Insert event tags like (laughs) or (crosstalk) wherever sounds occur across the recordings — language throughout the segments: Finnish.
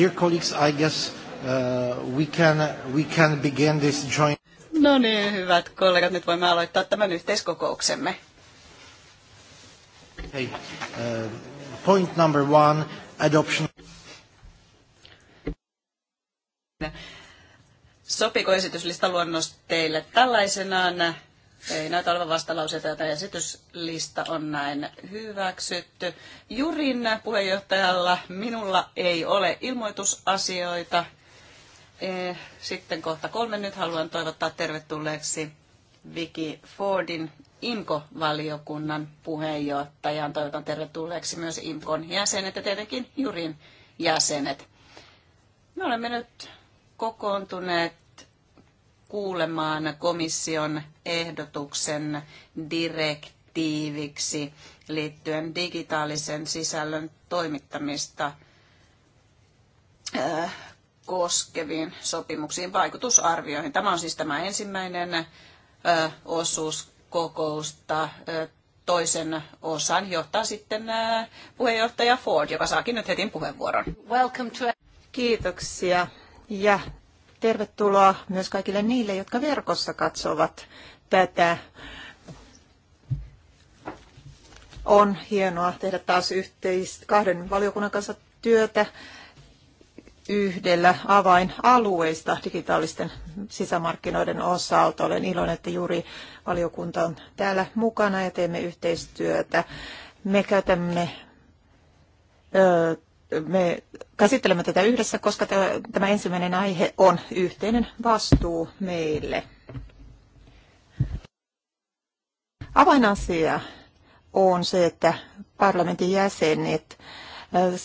Dear colleagues, I guess uh, we, can, we can begin this joint... No niin, hyvät kollegat, nyt voimme aloittaa tämän yhteiskokouksemme. Hey, uh, point number one, adoption. Sopiko esityslistaluonnos teille tällaisenaan? Ei näitä olevan vastalauseita, Tämä esityslista on näin hyväksytty. Jurin puheenjohtajalla minulla ei ole ilmoitusasioita. E, sitten kohta kolme nyt haluan toivottaa tervetulleeksi Vicky Fordin IMKO-valiokunnan puheenjohtajan. Toivotan tervetulleeksi myös IMKOn jäsenet ja tietenkin Jurin jäsenet. Me olemme nyt kokoontuneet kuulemaan komission ehdotuksen direktiiviksi liittyen digitaalisen sisällön toimittamista äh, koskeviin sopimuksiin vaikutusarvioihin. Tämä on siis tämä ensimmäinen äh, osuus kokousta. Äh, toisen osan johtaa sitten puheenjohtaja Ford, joka saakin nyt heti puheenvuoron. Kiitoksia ja tervetuloa myös kaikille niille, jotka verkossa katsovat tätä. On hienoa tehdä taas yhteis kahden valiokunnan kanssa työtä yhdellä avainalueista digitaalisten sisämarkkinoiden osalta. Olen iloinen, että juuri valiokunta on täällä mukana ja teemme yhteistyötä. Me käytämme, me käsittelemme tätä yhdessä, koska tämä ensimmäinen aihe on yhteinen vastuu meille. Avainasia on se, että parlamentin jäsenet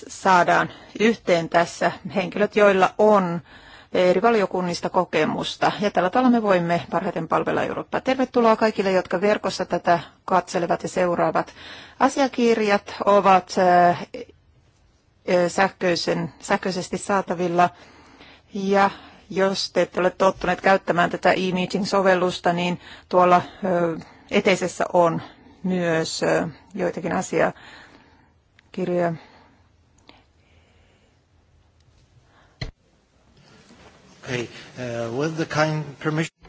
saadaan yhteen tässä henkilöt, joilla on eri valiokunnista kokemusta. Ja tällä tavalla me voimme parhaiten palvella Eurooppaa. Tervetuloa kaikille, jotka verkossa tätä katselevat ja seuraavat. Asiakirjat ovat sähköisen, sähköisesti saatavilla. Ja jos te ette ole tottuneet käyttämään tätä e-meeting-sovellusta, niin tuolla eteisessä on myös joitakin asiakirjoja. Okay. Uh, with the kind permission...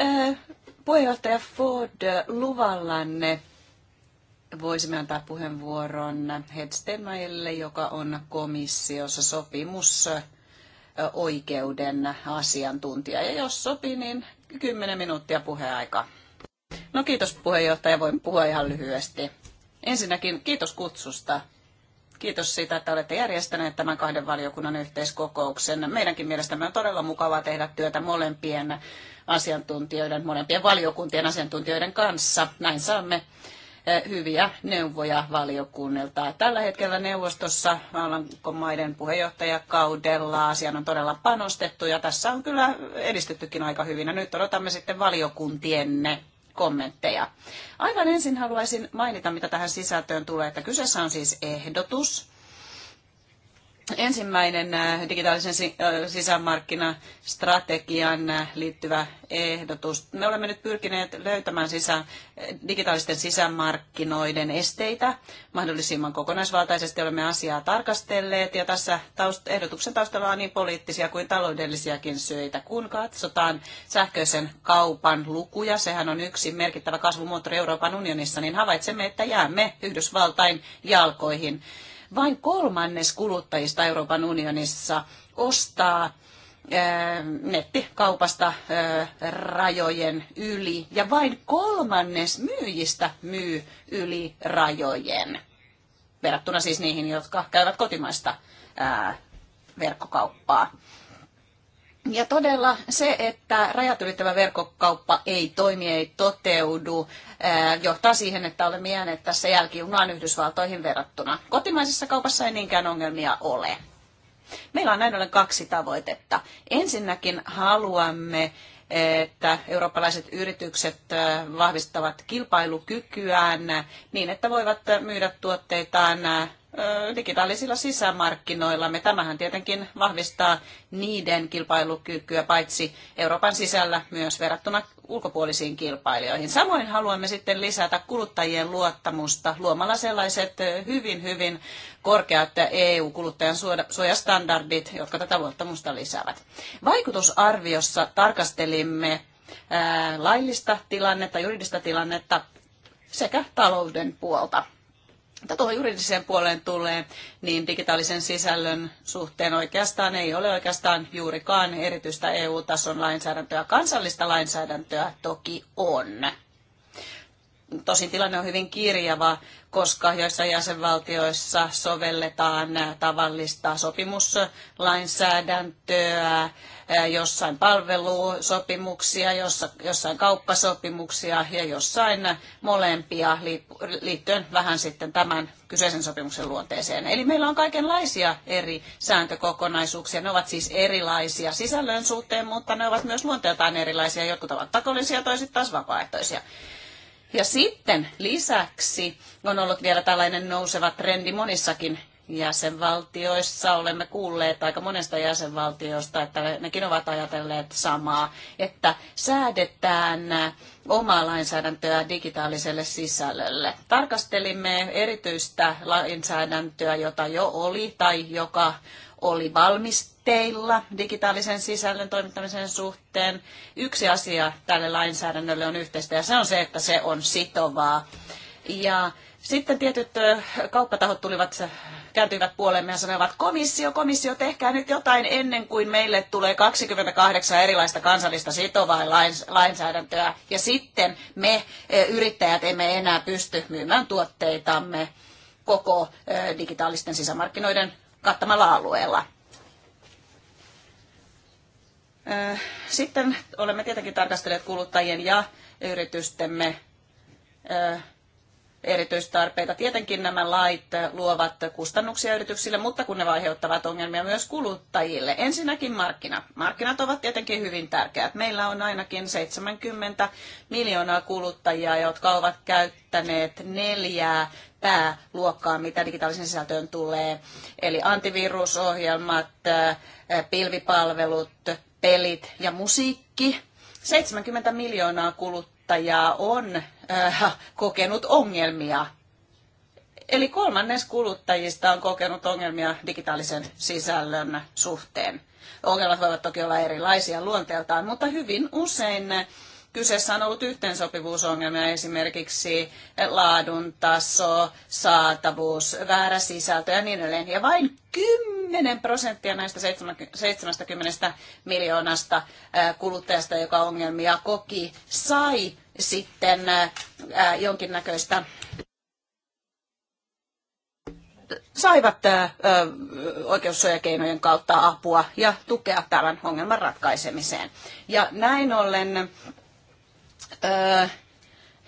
Uh, puheenjohtaja Ford, luvallanne voisimme antaa puheenvuoron Hedstemäelle, joka on komissiossa sopimus oikeuden asiantuntija. Ja jos sopii, niin 10 minuuttia puheaika. No kiitos puheenjohtaja, voin puhua ihan lyhyesti. Ensinnäkin kiitos kutsusta. Kiitos siitä, että olette järjestäneet tämän kahden valiokunnan yhteiskokouksen. Meidänkin mielestämme on todella mukavaa tehdä työtä molempien asiantuntijoiden, molempien valiokuntien asiantuntijoiden kanssa. Näin saamme hyviä neuvoja valiokunnilta. Tällä hetkellä neuvostossa maiden puheenjohtajakaudella asiaan on todella panostettu ja tässä on kyllä edistyttykin aika hyvin. Ja nyt odotamme sitten valiokuntienne kommentteja. Aivan ensin haluaisin mainita, mitä tähän sisältöön tulee, että kyseessä on siis ehdotus, ensimmäinen äh, digitaalisen äh, sisämarkkinastrategian äh, liittyvä ehdotus. Me olemme nyt pyrkineet löytämään sisä, digitaalisten sisämarkkinoiden esteitä. Mahdollisimman kokonaisvaltaisesti olemme asiaa tarkastelleet ja tässä taust, ehdotuksen taustalla on niin poliittisia kuin taloudellisiakin syitä. Kun katsotaan sähköisen kaupan lukuja, sehän on yksi merkittävä kasvumoottori Euroopan unionissa, niin havaitsemme, että jäämme Yhdysvaltain jalkoihin vain kolmannes kuluttajista Euroopan unionissa ostaa nettikaupasta rajojen yli ja vain kolmannes myyjistä myy yli rajojen. Verrattuna siis niihin, jotka käyvät kotimaista verkkokauppaa. Ja todella se, että rajat ylittävä verkkokauppa ei toimi, ei toteudu, johtaa siihen, että olemme jääneet tässä jälkijunaan Yhdysvaltoihin verrattuna. Kotimaisessa kaupassa ei niinkään ongelmia ole. Meillä on näin ollen kaksi tavoitetta. Ensinnäkin haluamme, että eurooppalaiset yritykset vahvistavat kilpailukykyään niin, että voivat myydä tuotteitaan digitaalisilla me Tämähän tietenkin vahvistaa niiden kilpailukykyä paitsi Euroopan sisällä myös verrattuna ulkopuolisiin kilpailijoihin. Samoin haluamme sitten lisätä kuluttajien luottamusta luomalla sellaiset hyvin, hyvin korkeat EU-kuluttajan suojastandardit, jotka tätä luottamusta lisäävät. Vaikutusarviossa tarkastelimme laillista tilannetta, juridista tilannetta sekä talouden puolta mitä tuohon juridiseen puoleen tulee, niin digitaalisen sisällön suhteen oikeastaan ei ole oikeastaan juurikaan erityistä EU-tason lainsäädäntöä. Kansallista lainsäädäntöä toki on. Tosin tilanne on hyvin kirjava, koska joissain jäsenvaltioissa sovelletaan tavallista sopimuslainsäädäntöä, jossain palvelusopimuksia, jossain kauppasopimuksia ja jossain molempia liittyen vähän sitten tämän kyseisen sopimuksen luonteeseen. Eli meillä on kaikenlaisia eri sääntökokonaisuuksia. Ne ovat siis erilaisia sisällön suhteen, mutta ne ovat myös luonteeltaan erilaisia. Jotkut ovat pakollisia, toiset taas vapaaehtoisia. Ja sitten lisäksi on ollut vielä tällainen nouseva trendi monissakin jäsenvaltioissa. Olemme kuulleet aika monesta jäsenvaltiosta, että nekin ovat ajatelleet samaa, että säädetään omaa lainsäädäntöä digitaaliselle sisällölle. Tarkastelimme erityistä lainsäädäntöä, jota jo oli tai joka oli valmisteilla digitaalisen sisällön toimittamisen suhteen. Yksi asia tälle lainsäädännölle on yhteistä ja se on se, että se on sitovaa. Ja sitten tietyt kauppatahot tulivat kääntyivät puolemme ja sanoivat, komissio, komissio, tehkää nyt jotain ennen kuin meille tulee 28 erilaista kansallista sitovaa lainsäädäntöä. Ja sitten me eh, yrittäjät emme enää pysty myymään tuotteitamme koko eh, digitaalisten sisämarkkinoiden kattamalla alueella. Eh, sitten olemme tietenkin tarkastelleet kuluttajien ja yritystemme erityistarpeita. Tietenkin nämä lait luovat kustannuksia yrityksille, mutta kun ne aiheuttavat ongelmia myös kuluttajille. Ensinnäkin markkinat. Markkinat ovat tietenkin hyvin tärkeät. Meillä on ainakin 70 miljoonaa kuluttajia, jotka ovat käyttäneet neljää pääluokkaa, mitä digitaalisen sisältöön tulee. Eli antivirusohjelmat, pilvipalvelut, pelit ja musiikki. 70 miljoonaa kuluttajaa on Äh, kokenut ongelmia. Eli kolmannes kuluttajista on kokenut ongelmia digitaalisen sisällön suhteen. Ongelmat voivat toki olla erilaisia luonteeltaan, mutta hyvin usein Kyseessä on ollut yhteensopivuusongelmia esimerkiksi laadun taso, saatavuus, väärä sisältö ja niin edelleen. Ja vain 10 prosenttia näistä 70 miljoonasta kuluttajasta, joka ongelmia koki, sai sitten jonkinnäköistä saivat oikeussuojakeinojen kautta apua ja tukea tämän ongelman ratkaisemiseen. Ja näin ollen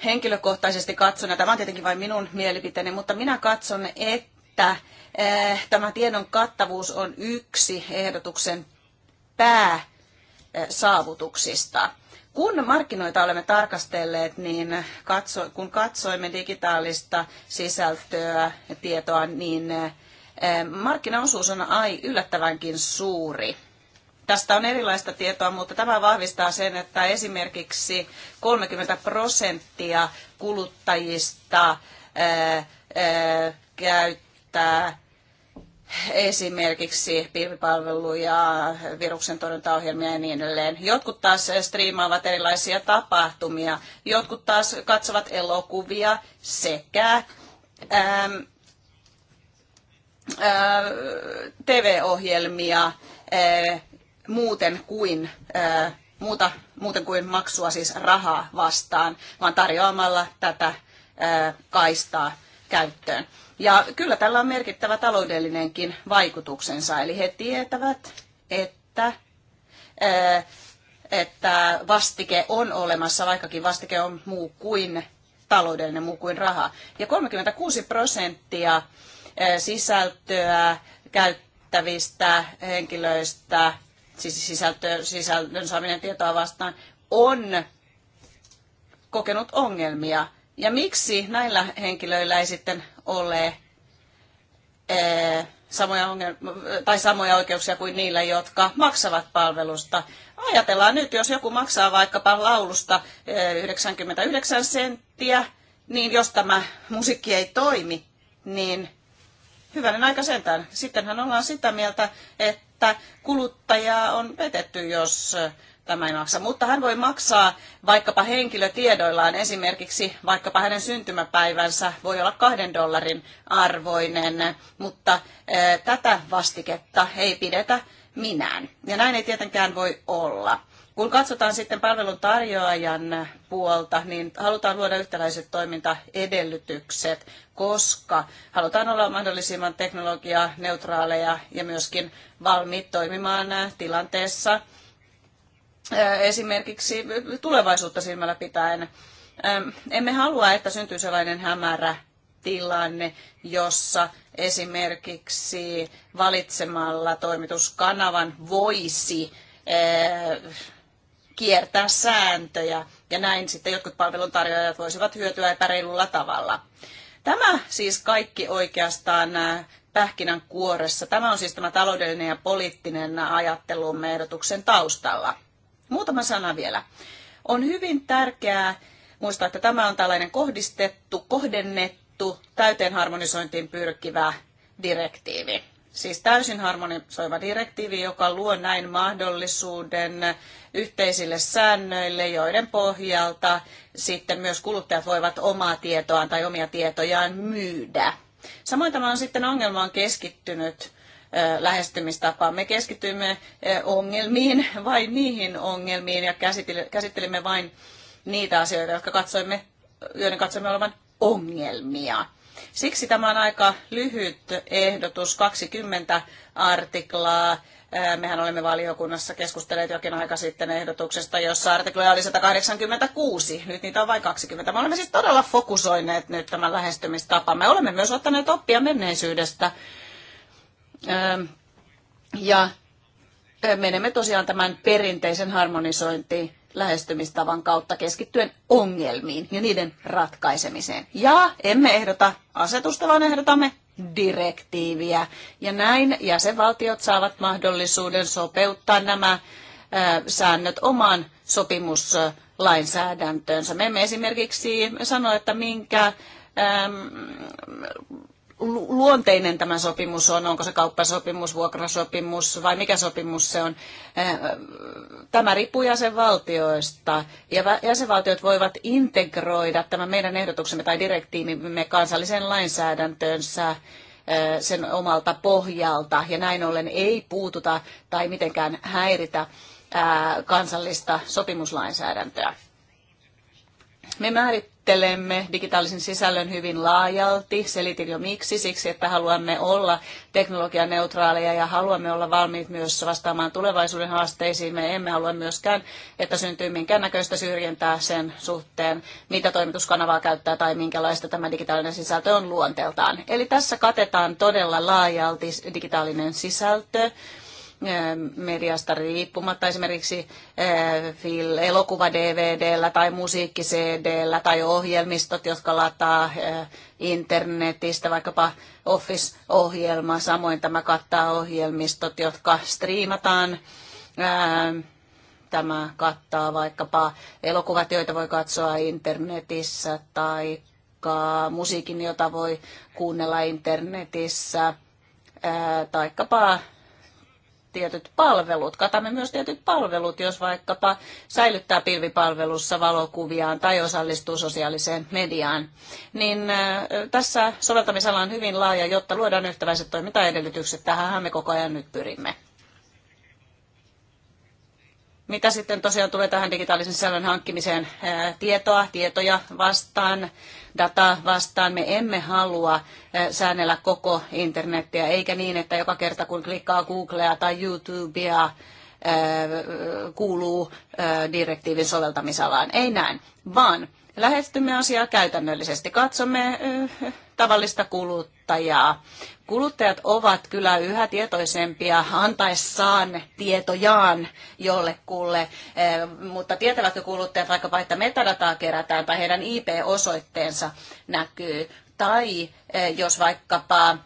henkilökohtaisesti katson, ja tämä on tietenkin vain minun mielipiteeni, mutta minä katson, että tämä tiedon kattavuus on yksi ehdotuksen pääsaavutuksista. Kun markkinoita olemme tarkastelleet, niin katso, kun katsoimme digitaalista sisältöä ja tietoa, niin markkinaosuus on ai yllättävänkin suuri. Tästä on erilaista tietoa, mutta tämä vahvistaa sen, että esimerkiksi 30 prosenttia kuluttajista ää, ää, käyttää esimerkiksi pilvipalveluja, viruksen torjuntaohjelmia ja niin edelleen. Jotkut taas striimaavat erilaisia tapahtumia, jotkut taas katsovat elokuvia sekä TV-ohjelmia, muuten kuin muuta, muuten kuin maksua siis rahaa vastaan, vaan tarjoamalla tätä kaistaa käyttöön. Ja kyllä tällä on merkittävä taloudellinenkin vaikutuksensa, eli he tietävät, että, että vastike on olemassa, vaikkakin vastike on muu kuin taloudellinen, muu kuin raha. Ja 36 prosenttia sisältöä käyttävistä henkilöistä siis sisältö, sisältön saaminen tietoa vastaan, on kokenut ongelmia. Ja miksi näillä henkilöillä ei sitten ole ää, eh, samoja, ongelma, tai samoja oikeuksia kuin niillä, jotka maksavat palvelusta. Ajatellaan nyt, jos joku maksaa vaikkapa laulusta 99 eh, senttiä, niin jos tämä musiikki ei toimi, niin hyvänen aika sentään. Sittenhän ollaan sitä mieltä, että että kuluttajaa on petetty, jos tämä ei maksa. Mutta hän voi maksaa vaikkapa henkilötiedoillaan, esimerkiksi vaikkapa hänen syntymäpäivänsä voi olla kahden dollarin arvoinen, mutta eh, tätä vastiketta ei pidetä minään. Ja näin ei tietenkään voi olla. Kun katsotaan sitten palveluntarjoajan tarjoajan puolta, niin halutaan luoda yhtäläiset toimintaedellytykset, koska halutaan olla mahdollisimman neutraaleja ja myöskin valmiit toimimaan tilanteessa esimerkiksi tulevaisuutta silmällä pitäen. Emme halua, että syntyy sellainen hämärä tilanne, jossa esimerkiksi valitsemalla toimituskanavan voisi kiertää sääntöjä ja näin sitten jotkut palveluntarjoajat voisivat hyötyä epäreilulla tavalla. Tämä siis kaikki oikeastaan äh, pähkinän kuoressa. Tämä on siis tämä taloudellinen ja poliittinen ajattelumme ehdotuksen taustalla. Muutama sana vielä. On hyvin tärkeää muistaa, että tämä on tällainen kohdistettu, kohdennettu, täyteen harmonisointiin pyrkivä direktiivi. Siis täysin harmonisoiva direktiivi, joka luo näin mahdollisuuden yhteisille säännöille, joiden pohjalta sitten myös kuluttajat voivat omaa tietoaan tai omia tietojaan myydä. Samoin tämä on sitten ongelmaan keskittynyt lähestymistapa. Me keskittyimme ongelmiin (laughs) vai niihin ongelmiin ja käsittelimme vain niitä asioita, jotka katsoimme, joiden katsoimme olevan ongelmia. Siksi tämä on aika lyhyt ehdotus, 20 artiklaa. Mehän olemme valiokunnassa keskustelleet jokin aika sitten ehdotuksesta, jossa artikloja oli 186. Nyt niitä on vain 20. Me olemme siis todella fokusoineet nyt tämän lähestymistapamme, Me olemme myös ottaneet oppia menneisyydestä. Ja menemme tosiaan tämän perinteisen harmonisointiin lähestymistavan kautta keskittyen ongelmiin ja niiden ratkaisemiseen. Ja emme ehdota asetusta, vaan ehdotamme direktiiviä. Ja näin jäsenvaltiot saavat mahdollisuuden sopeuttaa nämä säännöt omaan sopimuslainsäädäntöönsä. Me emme esimerkiksi sano, että minkä luonteinen tämä sopimus on, onko se kauppasopimus, vuokrasopimus vai mikä sopimus se on. Tämä riippuu jäsenvaltioista ja jäsenvaltiot voivat integroida tämän meidän ehdotuksemme tai direktiivimme kansalliseen lainsäädäntöönsä sen omalta pohjalta ja näin ollen ei puututa tai mitenkään häiritä kansallista sopimuslainsäädäntöä. Me määrittelemme digitaalisen sisällön hyvin laajalti. Selitin jo miksi, siksi että haluamme olla teknologianeutraaleja ja haluamme olla valmiit myös vastaamaan tulevaisuuden haasteisiin. Me emme halua myöskään, että syntyy minkäännäköistä syrjintää sen suhteen, mitä toimituskanavaa käyttää tai minkälaista tämä digitaalinen sisältö on luonteeltaan. Eli tässä katetaan todella laajalti digitaalinen sisältö mediasta riippumatta, esimerkiksi elokuva DVDllä tai musiikki CDllä tai ohjelmistot, jotka lataa internetistä, vaikkapa Office-ohjelma. Samoin tämä kattaa ohjelmistot, jotka striimataan tämä kattaa vaikkapa elokuvat, joita voi katsoa internetissä tai musiikin, jota voi kuunnella internetissä, taikkapa tietyt palvelut. Katamme myös tietyt palvelut, jos vaikkapa säilyttää pilvipalvelussa valokuviaan tai osallistuu sosiaaliseen mediaan. Niin tässä soveltamisala on hyvin laaja, jotta luodaan yhtäväiset toimintaedellytykset. Tähän me koko ajan nyt pyrimme. Mitä sitten tosiaan tulee tähän digitaalisen sisällön hankkimiseen tietoa, tietoja vastaan, dataa vastaan, me emme halua säännellä koko internettiä, eikä niin, että joka kerta kun klikkaa Googlea tai YouTubea, kuuluu direktiivin soveltamisalaan. Ei näin, vaan lähestymme asiaa käytännöllisesti. Katsomme tavallista kuluttajaa. Kuluttajat ovat kyllä yhä tietoisempia antaessaan tietojaan jollekulle, mutta tietävätkö kuluttajat vaikkapa, että metadataa kerätään tai heidän IP-osoitteensa näkyy, tai jos vaikkapa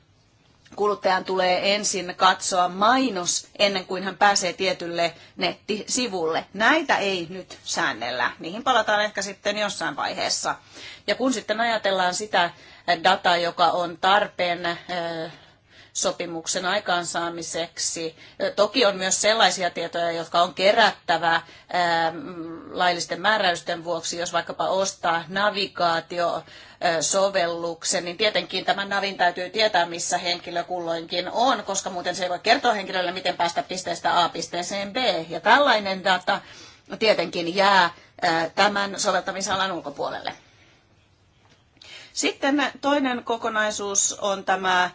kuluttajan tulee ensin katsoa mainos ennen kuin hän pääsee tietylle nettisivulle. Näitä ei nyt säännellä. Niihin palataan ehkä sitten jossain vaiheessa. Ja kun sitten ajatellaan sitä dataa, joka on tarpeen eh, sopimuksen aikaansaamiseksi. Toki on myös sellaisia tietoja, jotka on kerättävä laillisten määräysten vuoksi, jos vaikkapa ostaa navigaatio sovelluksen, niin tietenkin tämän navin täytyy tietää, missä henkilö kulloinkin on, koska muuten se ei voi kertoa henkilölle, miten päästä pisteestä A pisteeseen B. Ja tällainen data tietenkin jää tämän soveltamisalan ulkopuolelle. Sitten toinen kokonaisuus on tämä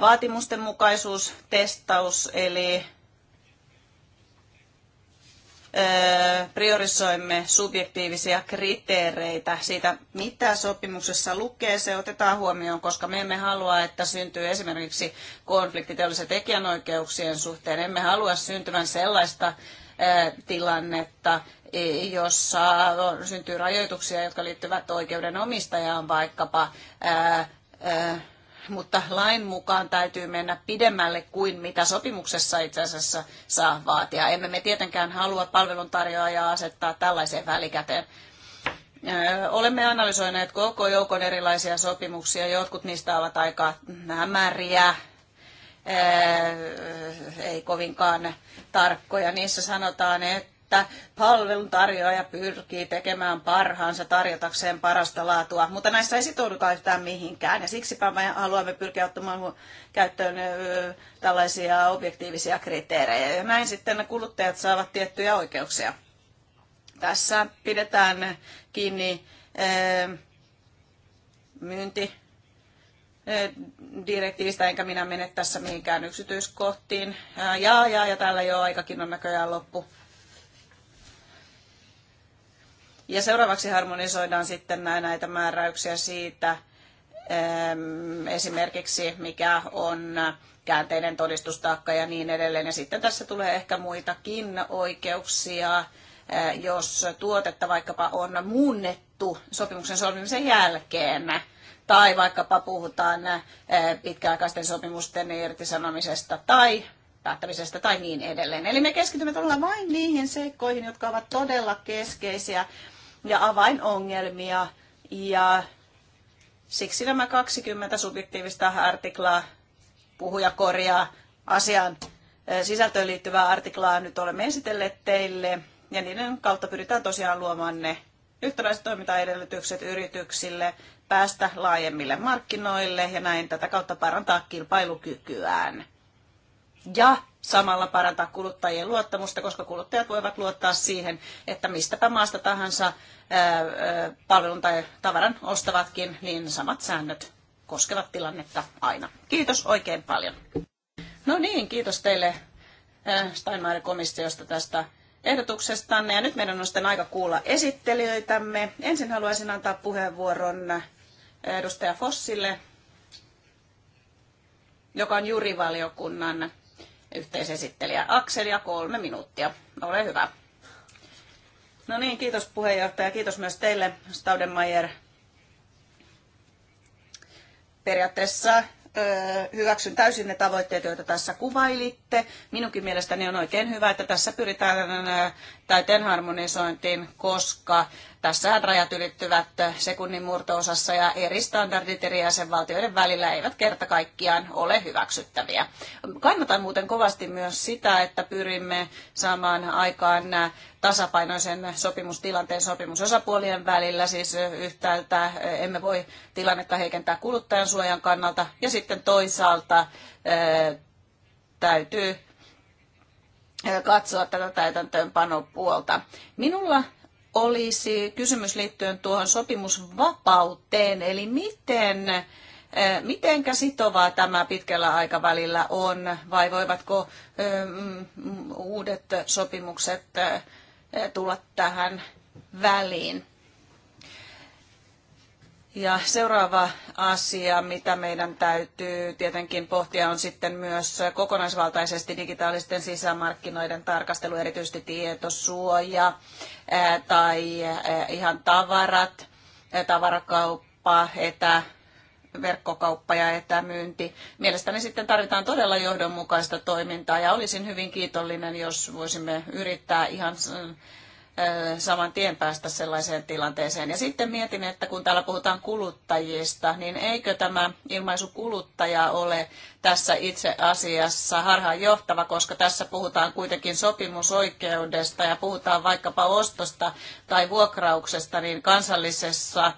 vaatimusten mukaisuustestaus, eli priorisoimme subjektiivisia kriteereitä siitä, mitä sopimuksessa lukee. Se otetaan huomioon, koska me emme halua, että syntyy esimerkiksi konflikti teollisen tekijänoikeuksien suhteen. Emme halua syntyvän sellaista tilannetta, jossa syntyy rajoituksia, jotka liittyvät oikeudenomistajaan vaikkapa, mutta lain mukaan täytyy mennä pidemmälle kuin mitä sopimuksessa itse asiassa saa vaatia. Emme me tietenkään halua palveluntarjoajaa asettaa tällaiseen välikäteen. Olemme analysoineet koko joukon erilaisia sopimuksia. Jotkut niistä ovat aika hämäriä, ei kovinkaan tarkkoja. Niissä sanotaan, että palveluntarjoaja pyrkii tekemään parhaansa tarjotakseen parasta laatua, mutta näissä ei sitoudukaan yhtään mihinkään. Ja siksipä me haluamme pyrkiä ottamaan käyttöön tällaisia objektiivisia kriteerejä. Ja näin sitten kuluttajat saavat tiettyjä oikeuksia. Tässä pidetään kiinni myynti Eh, direktiivistä, enkä minä mene tässä mihinkään yksityiskohtiin. Äh, ja, ja, ja täällä jo aikakin on näköjään loppu. Ja seuraavaksi harmonisoidaan sitten näitä määräyksiä siitä, ehm, esimerkiksi mikä on käänteinen todistustaakka ja niin edelleen. Ja sitten tässä tulee ehkä muitakin oikeuksia, eh, jos tuotetta vaikkapa on muunnettu sopimuksen solmimisen jälkeen tai vaikkapa puhutaan eh, pitkäaikaisten sopimusten irtisanomisesta tai päättämisestä tai niin edelleen. Eli me keskitymme todella vain niihin seikkoihin, jotka ovat todella keskeisiä ja avainongelmia. Ja siksi nämä 20 subjektiivista artiklaa puhuja korjaa asian eh, sisältöön liittyvää artiklaa nyt olemme esitelleet teille. Ja niiden kautta pyritään tosiaan luomaan ne yhtäläiset toimintaedellytykset yrityksille päästä laajemmille markkinoille ja näin tätä kautta parantaa kilpailukykyään. Ja samalla parantaa kuluttajien luottamusta, koska kuluttajat voivat luottaa siihen, että mistäpä maasta tahansa palvelun tai tavaran ostavatkin, niin samat säännöt koskevat tilannetta aina. Kiitos oikein paljon. No niin, kiitos teille Steinmeier-komissiosta tästä ehdotuksestanne. Ja nyt meidän on sitten aika kuulla esittelijöitämme. Ensin haluaisin antaa puheenvuoron edustaja Fossille, joka on jurivaliokunnan yhteisesittelijä Akseli ja kolme minuuttia. Ole hyvä. No niin, kiitos puheenjohtaja. Kiitos myös teille, Staudenmayer. Periaatteessa hyväksyn täysin ne tavoitteet, joita tässä kuvailitte. Minunkin mielestäni on oikein hyvä, että tässä pyritään täyteen harmonisointiin, koska Tässähän rajat ylittyvät sekunnin murtoosassa ja eri standardit eri jäsenvaltioiden välillä eivät kerta kaikkiaan ole hyväksyttäviä. Kannatan muuten kovasti myös sitä, että pyrimme saamaan aikaan tasapainoisen sopimustilanteen sopimusosapuolien välillä. Siis yhtäältä emme voi tilannetta heikentää kuluttajan suojan kannalta ja sitten toisaalta täytyy katsoa tätä täytäntöönpanopuolta. Minulla olisi kysymys liittyen tuohon sopimusvapauteen, eli miten eh, Mitenkä sitovaa tämä pitkällä aikavälillä on vai voivatko eh, mm, mm, uudet sopimukset eh, tulla tähän väliin? Ja seuraava asia, mitä meidän täytyy tietenkin pohtia, on sitten myös kokonaisvaltaisesti digitaalisten sisämarkkinoiden tarkastelu, erityisesti tietosuoja tai ihan tavarat, tavarakauppa, etä, verkkokauppa ja etämyynti. Mielestäni sitten tarvitaan todella johdonmukaista toimintaa ja olisin hyvin kiitollinen, jos voisimme yrittää ihan saman tien päästä sellaiseen tilanteeseen. Ja sitten mietin, että kun täällä puhutaan kuluttajista, niin eikö tämä ilmaisu kuluttaja ole tässä itse asiassa harhaanjohtava, koska tässä puhutaan kuitenkin sopimusoikeudesta ja puhutaan vaikkapa ostosta tai vuokrauksesta, niin kansallisessa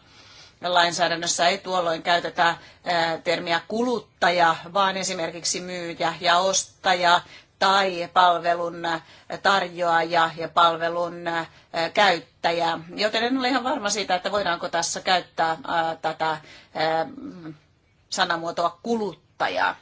lainsäädännössä ei tuolloin käytetä termiä kuluttaja, vaan esimerkiksi myyjä ja ostaja tai palvelun tarjoaja ja palvelun käyttäjä. Joten en ole ihan varma siitä, että voidaanko tässä käyttää tätä sanamuotoa kuluttaja.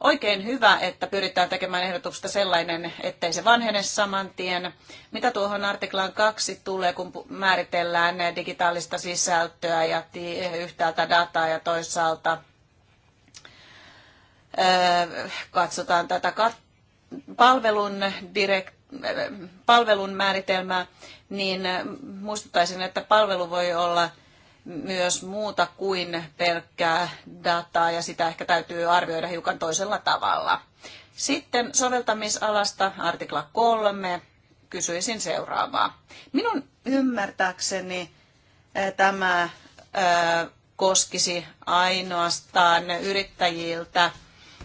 Oikein hyvä, että pyritään tekemään ehdotuksesta sellainen, ettei se vanhene saman tien. Mitä tuohon artiklaan kaksi tulee, kun määritellään digitaalista sisältöä ja yhtäältä dataa ja toisaalta katsotaan tätä kattoa palvelun, direk, palvelun määritelmää, niin muistuttaisin, että palvelu voi olla myös muuta kuin pelkkää dataa ja sitä ehkä täytyy arvioida hiukan toisella tavalla. Sitten soveltamisalasta artikla 3 kysyisin seuraavaa. Minun ymmärtääkseni eh, tämä eh, koskisi ainoastaan yrittäjiltä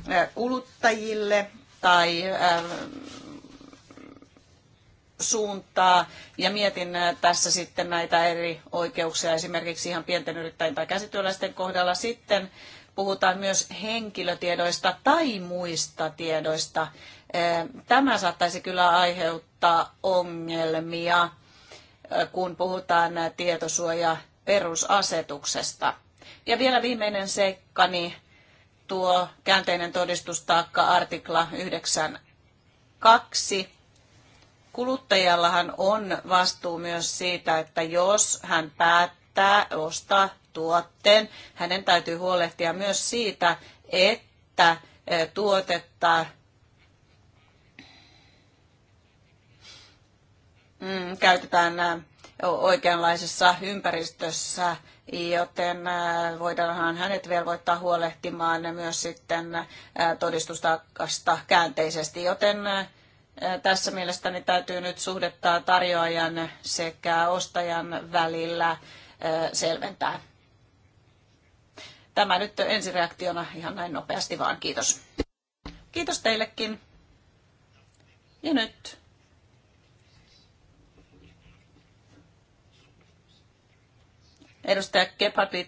eh, kuluttajille tai ähm, suuntaa ja mietin äh, tässä sitten näitä eri oikeuksia esimerkiksi ihan pienten yrittäjien tai käsityöläisten kohdalla. Sitten puhutaan myös henkilötiedoista tai muista tiedoista. Ähm, tämä saattaisi kyllä aiheuttaa ongelmia, äh, kun puhutaan äh, tietosuoja perusasetuksesta. Ja vielä viimeinen seikkani niin tuo käänteinen todistustaakka artikla 9.2. Kuluttajallahan on vastuu myös siitä, että jos hän päättää ostaa tuotteen, hänen täytyy huolehtia myös siitä, että e, tuotetta mm, käytetään e, oikeanlaisessa ympäristössä joten äh, voidaanhan hänet velvoittaa huolehtimaan myös sitten äh, todistustakasta käänteisesti, joten äh, tässä mielestäni täytyy nyt suhdetta tarjoajan sekä ostajan välillä selventää. Tämä nyt ensireaktiona ihan näin nopeasti vaan. Kiitos. Kiitos teillekin. Ja nyt Edustaja Gebhard,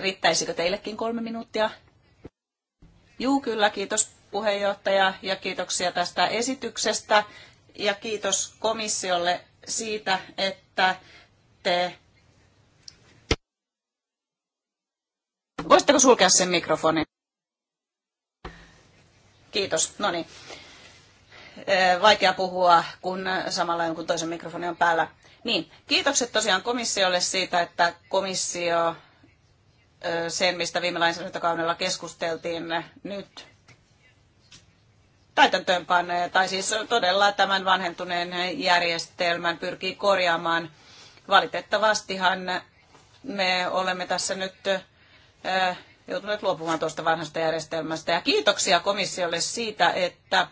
riittäisikö teillekin kolme minuuttia? Juu, kyllä, kiitos puheenjohtaja ja kiitoksia tästä esityksestä ja kiitos komissiolle siitä, että te... Voisitteko sulkea sen mikrofonin? Kiitos. No niin. Vaikea puhua, kun samalla jonkun toisen mikrofoni on päällä. Niin, kiitokset tosiaan komissiolle siitä, että komissio sen, mistä viime lainsäädäntökaudella keskusteltiin nyt täytäntöönpanee, tai siis todella tämän vanhentuneen järjestelmän pyrkii korjaamaan. Valitettavastihan me olemme tässä nyt joutuneet luopumaan tuosta vanhasta järjestelmästä. Ja kiitoksia komissiolle siitä, että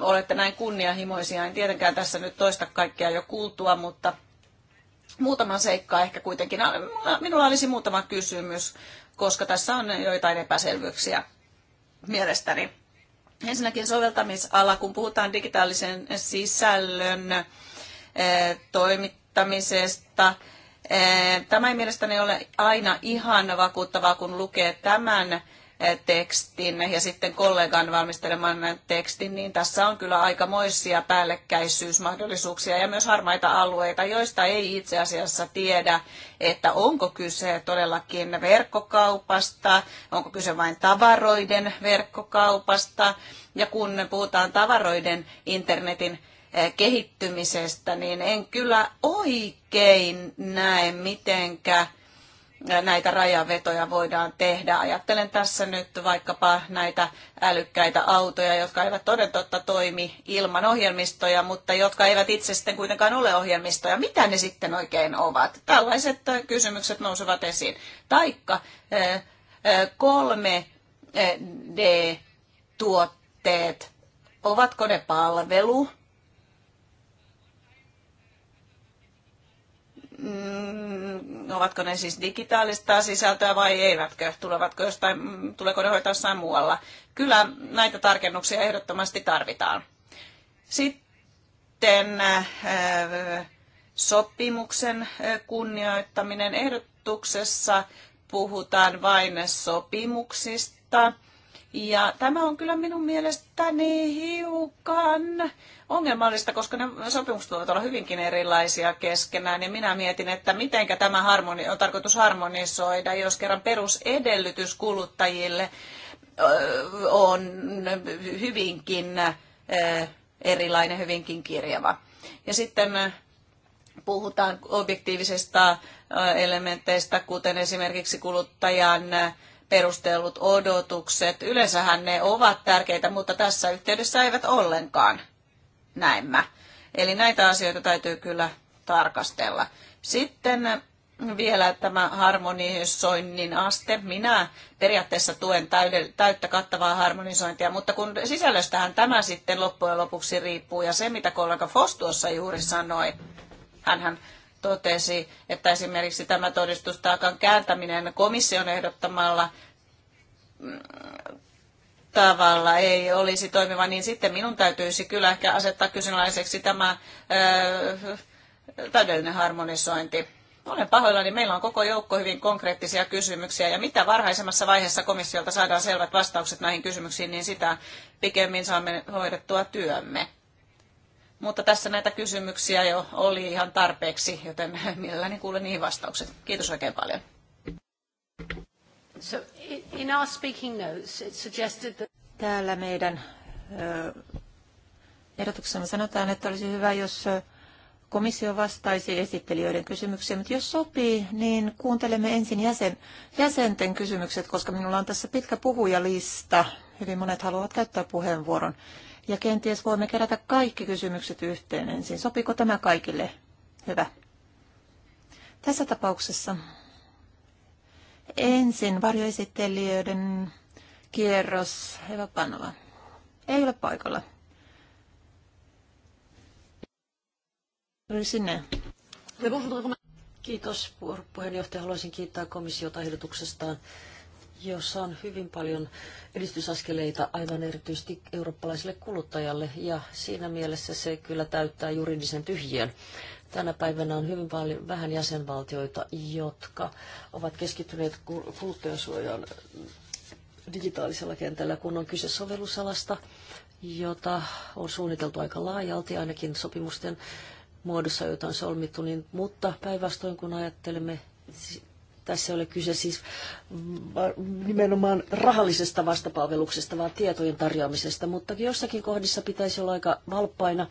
olette näin kunnianhimoisia. En tietenkään tässä nyt toista kaikkea jo kuultua, mutta muutama seikka ehkä kuitenkin. No, minulla olisi muutama kysymys, koska tässä on joitain epäselvyyksiä mielestäni. Ensinnäkin soveltamisala, kun puhutaan digitaalisen sisällön toimittamisesta, Tämä ei mielestäni ole aina ihan vakuuttavaa, kun lukee tämän tekstin ja sitten kollegan valmisteleman tekstin, niin tässä on kyllä aikamoisia päällekkäisyysmahdollisuuksia ja myös harmaita alueita, joista ei itse asiassa tiedä, että onko kyse todellakin verkkokaupasta, onko kyse vain tavaroiden verkkokaupasta. Ja kun puhutaan tavaroiden internetin eh, kehittymisestä, niin en kyllä oikein näe mitenkä näitä rajavetoja voidaan tehdä. Ajattelen tässä nyt vaikkapa näitä älykkäitä autoja, jotka eivät toden totta toimi ilman ohjelmistoja, mutta jotka eivät itse sitten kuitenkaan ole ohjelmistoja. Mitä ne sitten oikein ovat? Tällaiset kysymykset nousevat esiin. Taikka 3D-tuotteet, ovatko ne palvelu? mm, ovatko ne siis digitaalista sisältöä vai eivätkö, tulevatko jostain, tuleeko ne hoitaa jossain muualla. Kyllä näitä tarkennuksia ehdottomasti tarvitaan. Sitten äh, sopimuksen äh, kunnioittaminen ehdotuksessa puhutaan vain sopimuksista ja tämä on kyllä minun mielestäni hiukan ongelmallista, koska ne sopimukset voivat olla hyvinkin erilaisia keskenään. Ja minä mietin, että miten tämä harmoni- on tarkoitus harmonisoida, jos kerran perusedellytys kuluttajille on hyvinkin erilainen, hyvinkin kirjava. Ja sitten puhutaan objektiivisesta elementeistä, kuten esimerkiksi kuluttajan perustellut odotukset. Yleensähän ne ovat tärkeitä, mutta tässä yhteydessä eivät ollenkaan mä. Eli näitä asioita täytyy kyllä tarkastella. Sitten vielä tämä harmonisoinnin aste. Minä periaatteessa tuen täyttä kattavaa harmonisointia, mutta kun sisällöstähän tämä sitten loppujen lopuksi riippuu, ja se mitä kollega Fos tuossa juuri sanoi, hän totesi, että esimerkiksi tämä todistustaakan kääntäminen komission ehdottamalla mm, tavalla ei olisi toimiva, niin sitten minun täytyisi kyllä ehkä asettaa kysynalaiseksi tämä ö, täydellinen harmonisointi. Olen pahoillani, meillä on koko joukko hyvin konkreettisia kysymyksiä ja mitä varhaisemmassa vaiheessa komissiolta saadaan selvät vastaukset näihin kysymyksiin, niin sitä pikemmin saamme hoidettua työmme. Mutta tässä näitä kysymyksiä jo oli ihan tarpeeksi, joten (laughs) mielelläni kuulen niihin vastaukset. Kiitos oikein paljon. So in our speaking notes, it suggested that... Täällä meidän ehdotuksemme sanotaan, että olisi hyvä, jos komissio vastaisi esittelijöiden kysymyksiin, mutta jos sopii, niin kuuntelemme ensin jäsen, jäsenten kysymykset, koska minulla on tässä pitkä puhujalista. Hyvin monet haluavat käyttää puheenvuoron. Ja kenties voimme kerätä kaikki kysymykset yhteen ensin. Sopiiko tämä kaikille? Hyvä. Tässä tapauksessa ensin varjoesittelijöiden kierros. Eva Panova. Ei ole paikalla. Sinne. Kiitos puheenjohtaja. Haluaisin kiittää komissiota ehdotuksestaan jossa on hyvin paljon edistysaskeleita aivan erityisesti eurooppalaiselle kuluttajalle ja siinä mielessä se kyllä täyttää juridisen tyhjien. Tänä päivänä on hyvin paljon vähän jäsenvaltioita, jotka ovat keskittyneet kuluttajansuojaan digitaalisella kentällä, kun on kyse sovellusalasta, jota on suunniteltu aika laajalti ainakin sopimusten muodossa, joita on solmittu, niin, mutta päinvastoin kun ajattelemme tässä ei ole kyse siis nimenomaan rahallisesta vastapalveluksesta, vaan tietojen tarjoamisesta, mutta jossakin kohdissa pitäisi olla aika valppaina.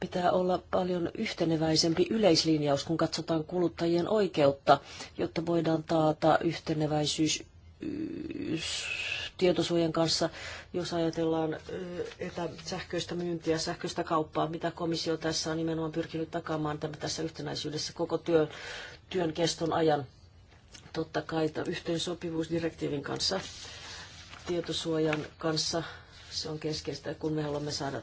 Pitää olla paljon yhteneväisempi yleislinjaus, kun katsotaan kuluttajien oikeutta, jotta voidaan taata yhteneväisyys tietosuojan kanssa, jos ajatellaan että sähköistä myyntiä, sähköistä kauppaa, mitä komissio tässä on nimenomaan pyrkinyt takaamaan tässä yhtenäisyydessä koko työn, työn keston ajan totta kai yhteensopivuusdirektiivin kanssa, tietosuojan kanssa. Se on keskeistä, kun me haluamme saada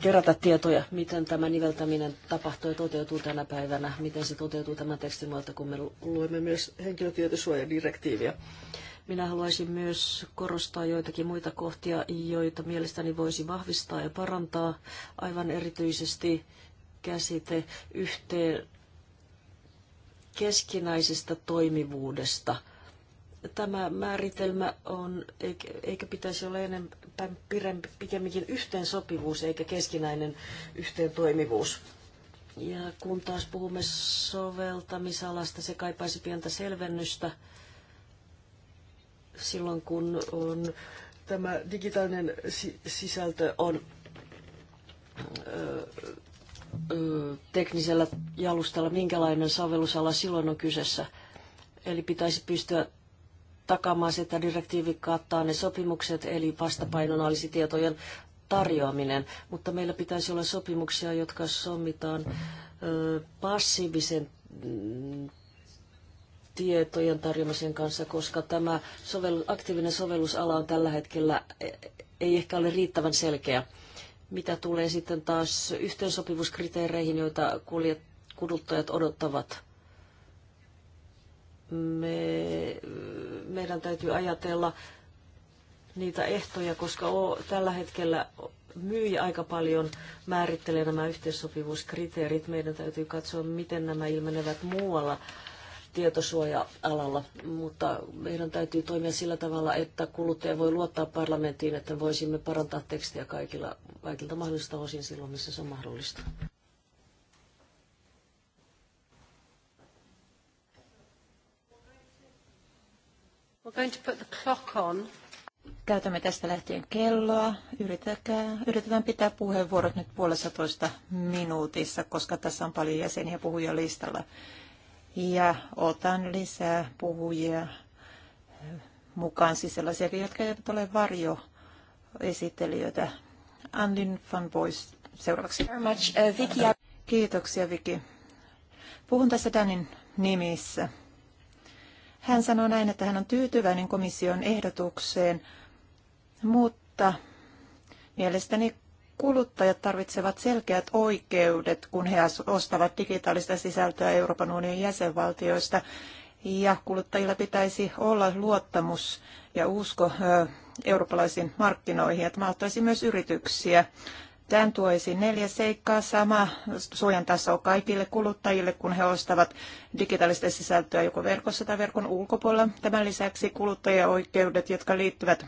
kerätä tietoja, miten tämä niveltäminen tapahtuu ja toteutuu tänä päivänä, miten se toteutuu tämän tekstin muilta, kun me luemme myös henkilötietosuojadirektiiviä. Minä haluaisin myös korostaa joitakin muita kohtia, joita mielestäni voisi vahvistaa ja parantaa, aivan erityisesti käsite yhteen keskinäisestä toimivuudesta. Tämä määritelmä on, eikä pitäisi olla enempää pikemminkin yhteensopivuus eikä keskinäinen yhteentoimivuus. Ja kun taas puhumme soveltamisalasta, se kaipaisi pientä selvennystä silloin, kun on tämä digitaalinen sisältö on teknisellä jalustalla, minkälainen sovellusala silloin on kyseessä. Eli pitäisi pystyä takaamaan se, että direktiivi kattaa ne sopimukset, eli vastapainona olisi tietojen tarjoaminen. Mutta meillä pitäisi olla sopimuksia, jotka sommitaan passiivisen mm, tietojen tarjoamisen kanssa, koska tämä aktiivinen sovellusala on tällä hetkellä e, ei ehkä ole riittävän selkeä. Mitä tulee sitten taas yhteensopivuuskriteereihin, joita kuljet, kuluttajat odottavat, me, meidän täytyy ajatella niitä ehtoja, koska o, tällä hetkellä myyjä aika paljon määrittelee nämä yhteensopivuuskriteerit. Meidän täytyy katsoa, miten nämä ilmenevät muualla tietosuoja-alalla, mutta meidän täytyy toimia sillä tavalla, että kuluttaja voi luottaa parlamenttiin, että voisimme parantaa tekstiä kaikilla, kaikilta mahdollisista osin silloin, missä se on mahdollista. We're going to put the clock on. Käytämme tästä lähtien kelloa. Yritetään, yritetään pitää puheenvuorot nyt puolessa toista minuutissa, koska tässä on paljon jäseniä puhujalistalla. listalla ja otan lisää puhujia mukaan, siis sellaisia, jotka eivät ole varjoesittelijöitä. Andin van Boys seuraavaksi. Uh, Kiitoksia Viki. Puhun tässä Danin nimissä. Hän sanoo näin, että hän on tyytyväinen komission ehdotukseen, mutta mielestäni kuluttajat tarvitsevat selkeät oikeudet, kun he ostavat digitaalista sisältöä Euroopan unionin jäsenvaltioista. Ja kuluttajilla pitäisi olla luottamus ja usko eurooppalaisiin markkinoihin. Ja tämä auttaisi myös yrityksiä. Tämän tuoisi neljä seikkaa sama suojan taso kaikille kuluttajille, kun he ostavat digitaalista sisältöä joko verkossa tai verkon ulkopuolella. Tämän lisäksi kuluttajaoikeudet, jotka liittyvät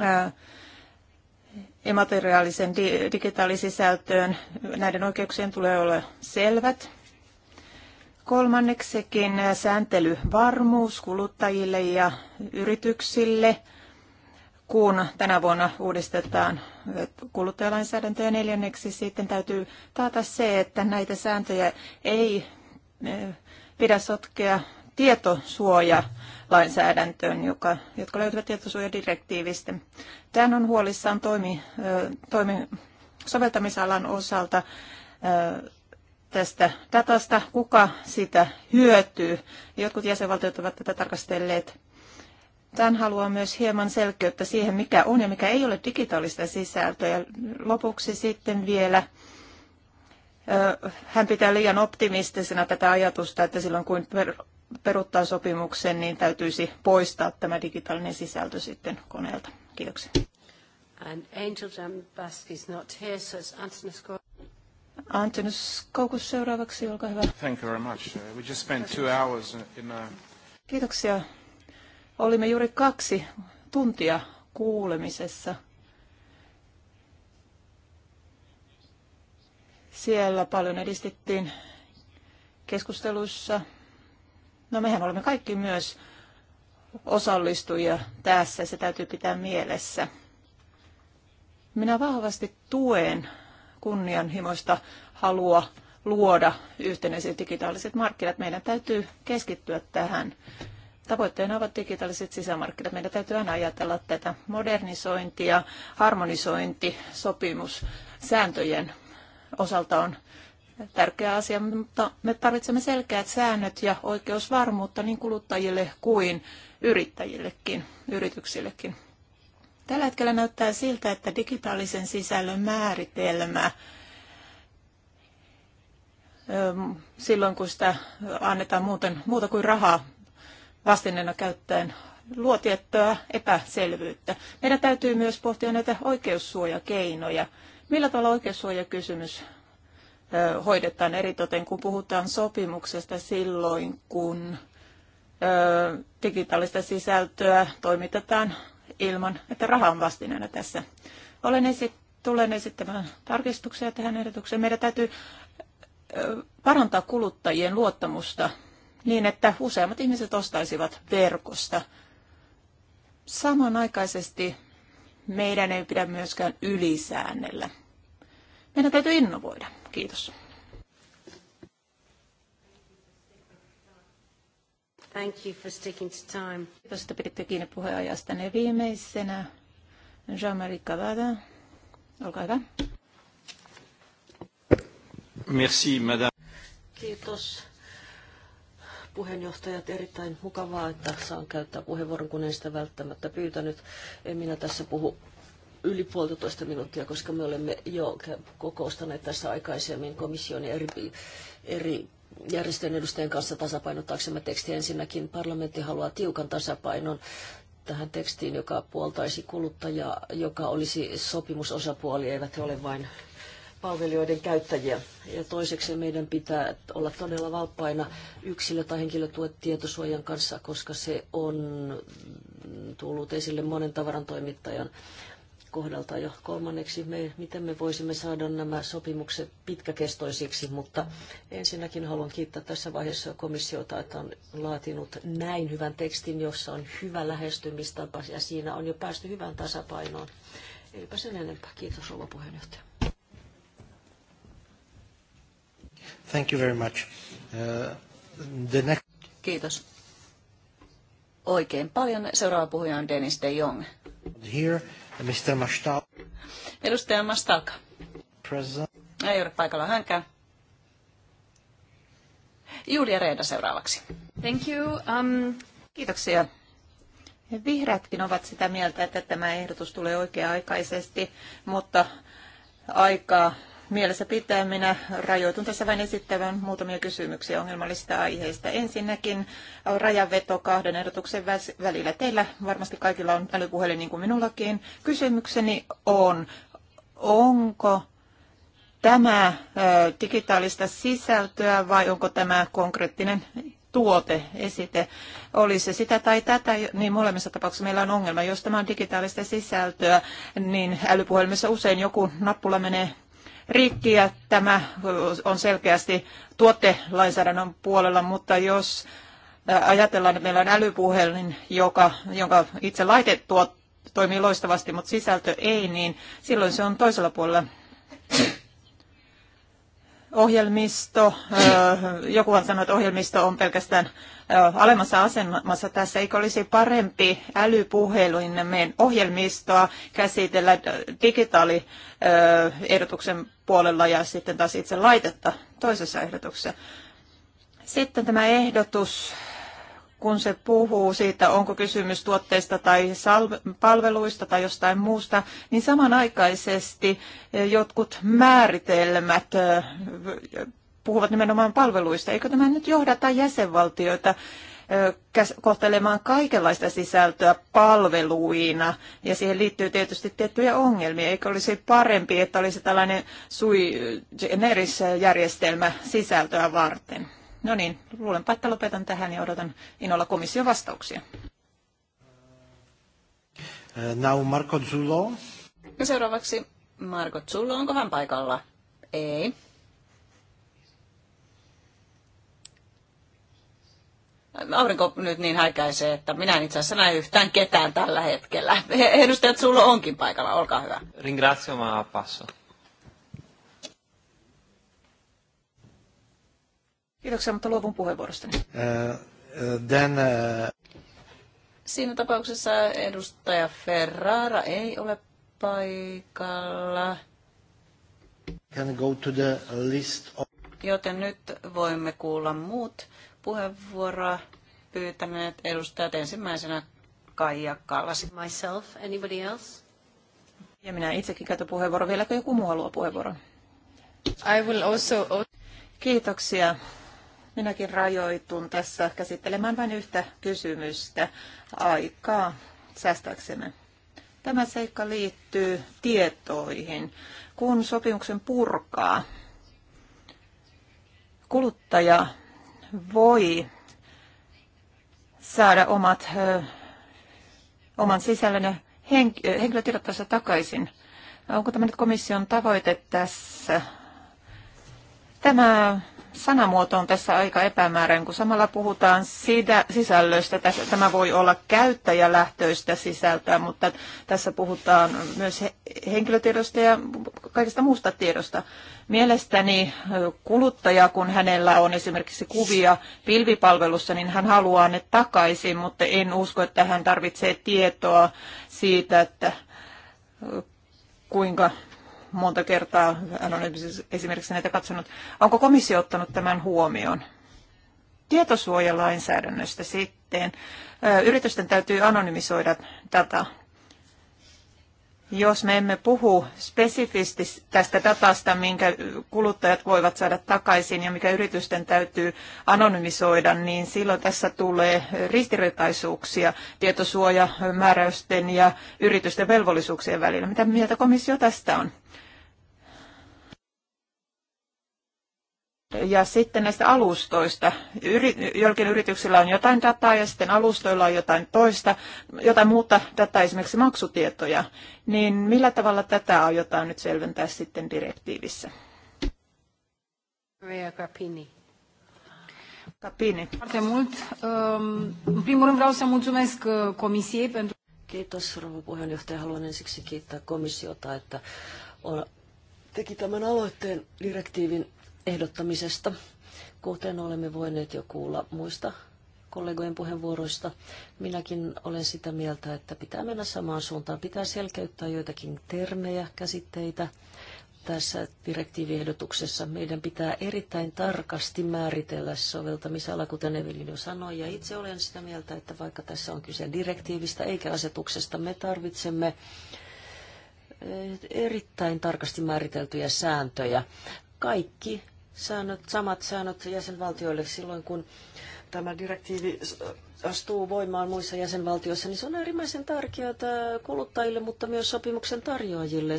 ää, immateriaalisen digitaalisisältöön. Näiden oikeuksien tulee olla selvät. Kolmanneksikin sääntelyvarmuus kuluttajille ja yrityksille, kun tänä vuonna uudistetaan kuluttajalainsäädäntöä. Neljänneksi sitten täytyy taata se, että näitä sääntöjä ei pidä sotkea tietosuoja lainsäädäntöön, joka, jotka löytyvät tietosuojadirektiivistä. Tämän on huolissaan toimi, toimi soveltamisalan osalta tästä datasta, kuka sitä hyötyy. Jotkut jäsenvaltiot ovat tätä tarkastelleet. Tämän haluaa myös hieman selkeyttä siihen, mikä on ja mikä ei ole digitaalista sisältöä. Ja lopuksi sitten vielä hän pitää liian optimistisena tätä ajatusta, että silloin kun peruuttaa sopimuksen, niin täytyisi poistaa tämä digitaalinen sisältö sitten koneelta. Kiitoksia. And Angel is not here, so it's Antonis Koukus seuraavaksi, olkaa hyvä. Thank you very much. Uh, we just spent two hours in a... Kiitoksia. Olimme juuri kaksi tuntia kuulemisessa. Siellä paljon edistettiin keskusteluissa No mehän olemme kaikki myös osallistujia tässä, se täytyy pitää mielessä. Minä vahvasti tuen kunnianhimoista halua luoda yhtenäiset digitaaliset markkinat. Meidän täytyy keskittyä tähän. Tavoitteena ovat digitaaliset sisämarkkinat. Meidän täytyy aina ajatella tätä modernisointia, harmonisointi, sopimus, sääntöjen osalta on tärkeä asia, mutta me tarvitsemme selkeät säännöt ja oikeusvarmuutta niin kuluttajille kuin yrittäjillekin, yrityksillekin. Tällä hetkellä näyttää siltä, että digitaalisen sisällön määritelmä ähm, silloin, kun sitä annetaan muuten, muuta kuin rahaa vastineena käyttäen, luo tiettyä epäselvyyttä. Meidän täytyy myös pohtia näitä oikeussuojakeinoja. Millä tavalla oikeussuojakysymys hoidetaan eritoten, kun puhutaan sopimuksesta silloin, kun digitaalista sisältöä toimitetaan ilman, että raha on vastineena tässä. Olen esi- tulen esittämään tarkistuksia tähän ehdotukseen. Meidän täytyy parantaa kuluttajien luottamusta niin, että useammat ihmiset ostaisivat verkosta. Samanaikaisesti meidän ei pidä myöskään ylisäännellä. Meidän täytyy innovoida. Kiitos. Thank you for sticking to time. Kiitos, että piditte kiinni puheenajasta. Ne viimeisenä Jean-Marie Cavada. Olkaa hyvä. Merci, madame. Kiitos puheenjohtajat, erittäin mukavaa, että saan käyttää puheenvuoron, kun en sitä välttämättä pyytänyt. En minä tässä puhu yli puolitoista minuuttia, koska me olemme jo kokoustaneet tässä aikaisemmin komission eri, eri järjestöjen edustajien kanssa tasapainottaaksemme tekstiä. Ensinnäkin parlamentti haluaa tiukan tasapainon tähän tekstiin, joka puoltaisi kuluttajaa, joka olisi sopimusosapuoli, eivät he ole vain palvelijoiden käyttäjiä. Ja toiseksi meidän pitää olla todella valppaina yksilö- tai tietosuojan kanssa, koska se on tullut esille monen tavarantoimittajan kohdalta. jo kolmanneksi, me, miten me voisimme saada nämä sopimukset pitkäkestoisiksi, mutta ensinnäkin haluan kiittää tässä vaiheessa komissiota, että on laatinut näin hyvän tekstin, jossa on hyvä lähestymistapa ja siinä on jo päästy hyvään tasapainoon. Eipä sen enempää. Kiitos rouva puheenjohtaja. Thank you very much. Uh, the next... Kiitos. Oikein paljon. Seuraava puhuja on Dennis de Jong. Here. Mr. Mastalka. Edustaja Mastalka. Present. Ei ole paikalla hänkään. Julia Reeda seuraavaksi. Thank you. Um, kiitoksia. Vihreätkin ovat sitä mieltä, että tämä ehdotus tulee oikea-aikaisesti, mutta aikaa mielessä pitää. Minä rajoitun tässä vain esittävän muutamia kysymyksiä ongelmallisista aiheista. Ensinnäkin rajanveto kahden ehdotuksen välillä. Teillä varmasti kaikilla on älypuhelin niin kuin minullakin. Kysymykseni on, onko tämä digitaalista sisältöä vai onko tämä konkreettinen tuote, esite, oli se sitä tai tätä, niin molemmissa tapauksissa meillä on ongelma. Jos tämä on digitaalista sisältöä, niin älypuhelimessa usein joku nappula menee rikki ja tämä on selkeästi tuotelainsäädännön puolella, mutta jos ajatellaan, että meillä on älypuhelin, joka, jonka itse laite toimii loistavasti, mutta sisältö ei, niin silloin se on toisella puolella ohjelmisto, äh, jokuhan on että ohjelmisto on pelkästään äh, alemmassa asemassa tässä. Eikö olisi parempi älypuhelin meidän ohjelmistoa käsitellä digitaaliehdotuksen äh, puolella ja sitten taas itse laitetta toisessa ehdotuksessa? Sitten tämä ehdotus kun se puhuu siitä, onko kysymys tuotteista tai palveluista tai jostain muusta, niin samanaikaisesti eh, jotkut määritelmät eh, puhuvat nimenomaan palveluista. Eikö tämä nyt johdata jäsenvaltioita eh, kohtelemaan kaikenlaista sisältöä palveluina, ja siihen liittyy tietysti tiettyjä ongelmia. Eikö olisi parempi, että olisi tällainen sui generis järjestelmä sisältöä varten? No niin, luulenpa, että lopetan tähän ja odotan innolla komission vastauksia. Eh, now Marco Zullo. No seuraavaksi Marko Zullo, onko hän paikalla? Ei. Aurinko nyt niin häikäisee, että minä en itse asiassa näe yhtään ketään tällä hetkellä. (laughs) Edustajat Zullo onkin paikalla, olkaa hyvä. Ringrazio ma passo. Kiitoksia, mutta luovun puheenvuorostani. Uh, uh, then, uh... Siinä tapauksessa edustaja Ferrara ei ole paikalla. Can go to the list of... Joten nyt voimme kuulla muut puheenvuoroa pyytäneet edustajat. Ensimmäisenä Kaija Kallas. Myself, anybody else? Ja minä itsekin käytän puheenvuoron. Vieläkö joku muu haluaa puheenvuoron? I will also... Kiitoksia. Minäkin rajoitun tässä käsittelemään vain yhtä kysymystä aikaa säästäksemme. Tämä seikka liittyy tietoihin. Kun sopimuksen purkaa, kuluttaja voi saada omat, ö, oman sisällön ja henk, takaisin. Onko tämä nyt komission tavoite tässä? Tämä sanamuoto on tässä aika epämääräinen, kun samalla puhutaan siitä sisällöstä. Tässä, tämä voi olla käyttäjälähtöistä sisältöä, mutta tässä puhutaan myös henkilötiedosta ja kaikesta muusta tiedosta. Mielestäni kuluttaja, kun hänellä on esimerkiksi kuvia pilvipalvelussa, niin hän haluaa ne takaisin, mutta en usko, että hän tarvitsee tietoa siitä, että kuinka monta kertaa, hän on siis esimerkiksi näitä katsonut. Onko komissio ottanut tämän huomioon? Tietosuojalainsäädännöstä sitten. Yritysten täytyy anonymisoida data. Jos me emme puhu spesifisti tästä datasta, minkä kuluttajat voivat saada takaisin ja mikä yritysten täytyy anonymisoida, niin silloin tässä tulee ristiriitaisuuksia tietosuojamääräysten ja yritysten velvollisuuksien välillä. Mitä mieltä komissio tästä on? Ja sitten näistä alustoista. Yri, jollakin yrityksillä on jotain dataa ja sitten alustoilla on jotain toista, jotain muuta dataa, esimerkiksi maksutietoja. Niin millä tavalla tätä aiotaan nyt selventää sitten direktiivissä? Capini. Capini. Um, uh, Kiitos, rouva puheenjohtaja. Haluan ensiksi kiittää komissiota, että on, teki tämän aloitteen direktiivin ehdottamisesta. Kuten olemme voineet jo kuulla muista kollegojen puheenvuoroista, minäkin olen sitä mieltä, että pitää mennä samaan suuntaan. Pitää selkeyttää joitakin termejä, käsitteitä tässä direktiiviehdotuksessa. Meidän pitää erittäin tarkasti määritellä soveltamisala, kuten Evelin jo sanoi, ja itse olen sitä mieltä, että vaikka tässä on kyse direktiivistä eikä asetuksesta, me tarvitsemme eh, erittäin tarkasti määriteltyjä sääntöjä. Kaikki säännöt, samat säännöt jäsenvaltioille silloin, kun tämä direktiivi astuu voimaan muissa jäsenvaltioissa, niin se on äärimmäisen tärkeää kuluttajille, mutta myös sopimuksen tarjoajille.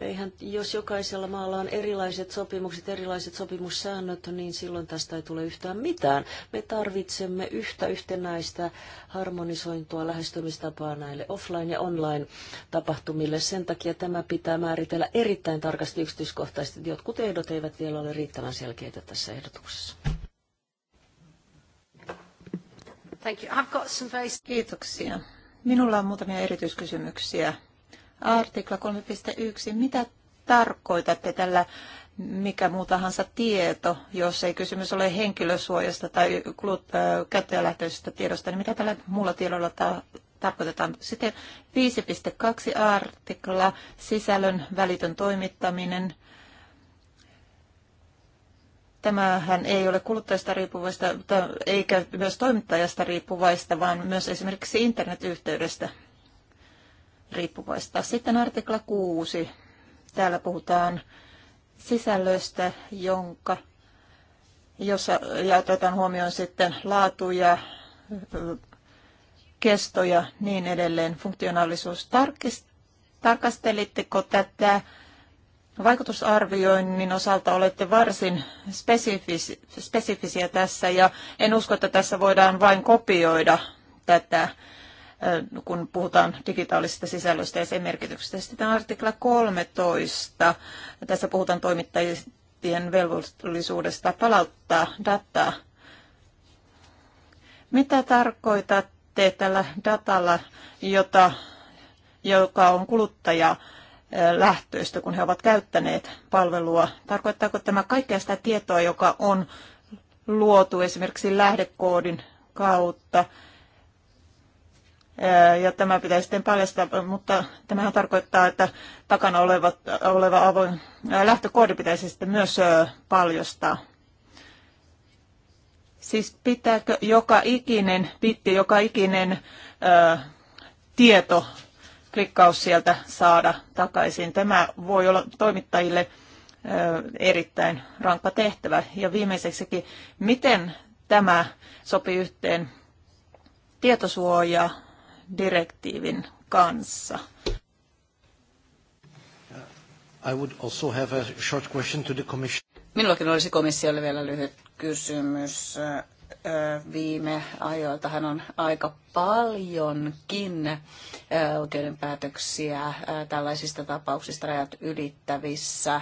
Eihän, jos jokaisella maalla on erilaiset sopimukset, erilaiset sopimussäännöt, niin silloin tästä ei tule yhtään mitään. Me tarvitsemme yhtä yhtenäistä harmonisointua lähestymistapaa näille offline- ja online-tapahtumille. Sen takia tämä pitää määritellä erittäin tarkasti yksityiskohtaisesti. Jotkut ehdot eivät vielä ole riittävän selkeitä tässä ehdotuksessa. Thank you. I've got some very... Kiitoksia. Minulla on muutamia erityiskysymyksiä Artikla 3.1. Mitä tarkoitatte tällä mikä muu tahansa tieto, jos ei kysymys ole henkilösuojasta tai kulut, äh, käyttäjälähtöisestä tiedosta, niin mitä tällä muulla tiedolla ta- tarkoitetaan? Sitten 5.2 artikla, sisällön välitön toimittaminen. Tämähän ei ole kuluttajasta riippuvaista eikä myös toimittajasta riippuvaista, vaan myös esimerkiksi internetyhteydestä riippuvaista. Sitten artikla 6. Täällä puhutaan sisällöstä, jonka, jossa ja otetaan huomioon sitten laatuja, kestoja niin edelleen, funktionaalisuus. tarkastelitteko tätä vaikutusarvioinnin osalta olette varsin spesifis, spesifisiä tässä ja en usko, että tässä voidaan vain kopioida tätä kun puhutaan digitaalisista sisällöistä ja sen merkityksestä. Sitten artikla 13. Tässä puhutaan toimittajien velvollisuudesta palauttaa dataa. Mitä tarkoitatte tällä datalla, jota, joka on kuluttaja lähtöistä, kun he ovat käyttäneet palvelua? Tarkoittaako tämä kaikkea sitä tietoa, joka on luotu esimerkiksi lähdekoodin kautta? ja tämä pitäisi sitten paljastaa, mutta tämähän tarkoittaa, että takana olevat, oleva avoin lähtökoodi pitäisi sitten myös paljastaa. Siis pitääkö joka ikinen bitti, joka ikinen ö, tieto, klikkaus sieltä saada takaisin? Tämä voi olla toimittajille ö, erittäin rankka tehtävä. Ja viimeiseksikin, miten tämä sopii yhteen tietosuojaa direktiivin kanssa. I would also have a short question to the commission. Minullakin olisi komissiolle vielä lyhyt kysymys. Viime ajoiltahan on aika paljonkin oikeudenpäätöksiä tällaisista tapauksista rajat ylittävissä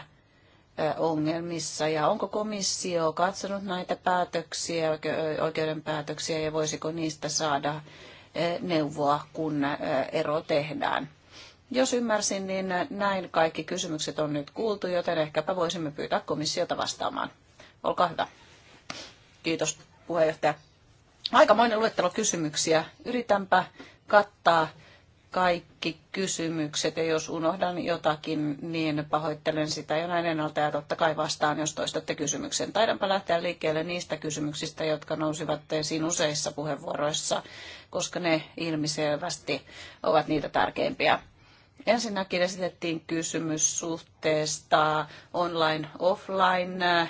ongelmissa ja onko komissio katsonut näitä päätöksiä, oikeuden päätöksiä ja voisiko niistä saada neuvoa, kun ero tehdään. Jos ymmärsin, niin näin kaikki kysymykset on nyt kuultu, joten ehkäpä voisimme pyytää komissiota vastaamaan. Olkaa hyvä. Kiitos puheenjohtaja. Aikamoinen luettelo kysymyksiä. Yritänpä kattaa kaikki kysymykset ja jos unohdan jotakin, niin pahoittelen sitä jo näin ennalta ja totta kai vastaan, jos toistatte kysymyksen. Taidanpa lähteä liikkeelle niistä kysymyksistä, jotka nousivat esiin useissa puheenvuoroissa, koska ne ilmiselvästi ovat niitä tärkeimpiä. Ensinnäkin esitettiin kysymys suhteesta online-offline,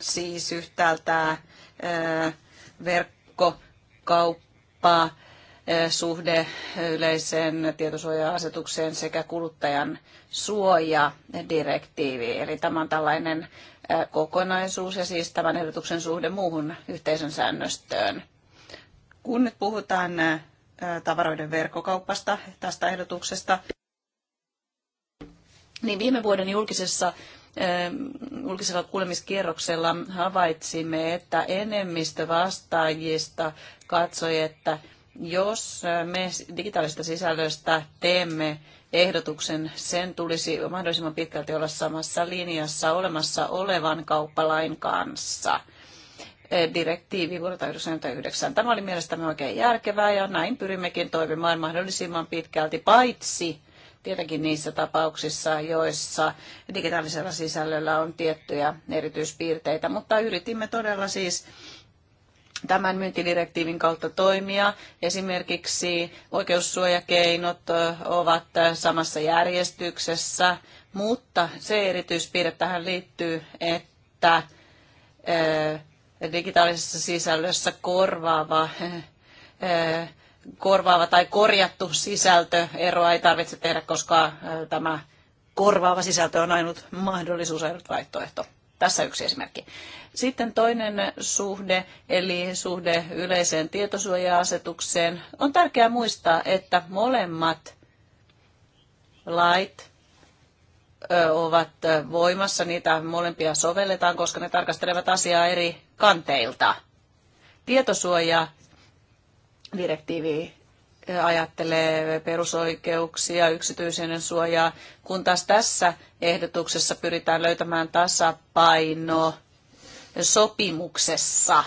siis yhtäältä verkkokauppa. verkkokauppaa suhde yleiseen tietosuoja-asetukseen sekä kuluttajan suojadirektiivi. Eli tämä on tällainen kokonaisuus ja siis tämän ehdotuksen suhde muuhun yhteisön säännöstöön. Kun nyt puhutaan tavaroiden verkkokaupasta tästä ehdotuksesta, niin viime vuoden julkisessa julkisella kuulemiskierroksella havaitsimme, että enemmistö vastaajista katsoi, että jos me digitaalisesta sisällöstä teemme ehdotuksen, sen tulisi mahdollisimman pitkälti olla samassa linjassa olemassa olevan kauppalain kanssa direktiivi vuodelta 1999. Tämä oli mielestäni oikein järkevää ja näin pyrimmekin toimimaan mahdollisimman pitkälti, paitsi tietenkin niissä tapauksissa, joissa digitaalisella sisällöllä on tiettyjä erityispiirteitä, mutta yritimme todella siis tämän myyntidirektiivin kautta toimia. Esimerkiksi oikeussuojakeinot ovat samassa järjestyksessä, mutta se erityispiirre tähän liittyy, että digitaalisessa sisällössä korvaava, korvaava tai korjattu sisältö eroa ei tarvitse tehdä, koska tämä korvaava sisältö on ainut mahdollisuus, ainut vaihtoehto. Tässä yksi esimerkki. Sitten toinen suhde, eli suhde yleiseen tietosuoja-asetukseen. On tärkeää muistaa, että molemmat lait ovat voimassa, niitä molempia sovelletaan, koska ne tarkastelevat asiaa eri kanteilta. Tietosuoja direktiivi ajattelee perusoikeuksia, yksityisyyden suojaa, kun taas tässä ehdotuksessa pyritään löytämään tasapaino sopimuksessa.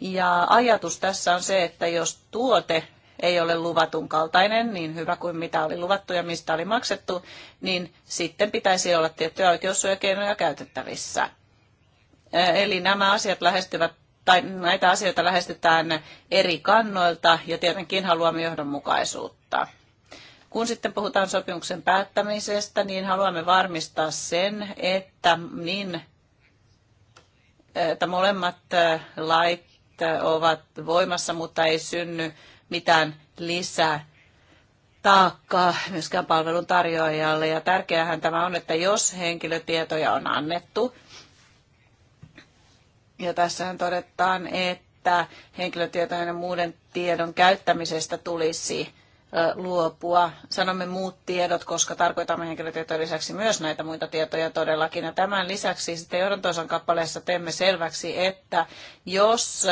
Ja ajatus tässä on se, että jos tuote ei ole luvatun kaltainen, niin hyvä kuin mitä oli luvattu ja mistä oli maksettu, niin sitten pitäisi olla tiettyjä oikeussuojakeinoja käytettävissä. Eli nämä asiat lähestyvät tai näitä asioita lähestytään eri kannoilta ja tietenkin haluamme johdonmukaisuutta. Kun sitten puhutaan sopimuksen päättämisestä, niin haluamme varmistaa sen, että, niin, että molemmat lait ovat voimassa, mutta ei synny mitään lisää taakkaa myöskään palvelun tarjoajalle. Ja tärkeähän tämä on, että jos henkilötietoja on annettu, ja tässähän todetaan, että henkilötietojen ja muiden tiedon käyttämisestä tulisi luopua. Sanomme muut tiedot, koska tarkoitamme henkilötietojen lisäksi myös näitä muita tietoja todellakin. Ja tämän lisäksi sitten johdantosan kappaleessa teemme selväksi, että jos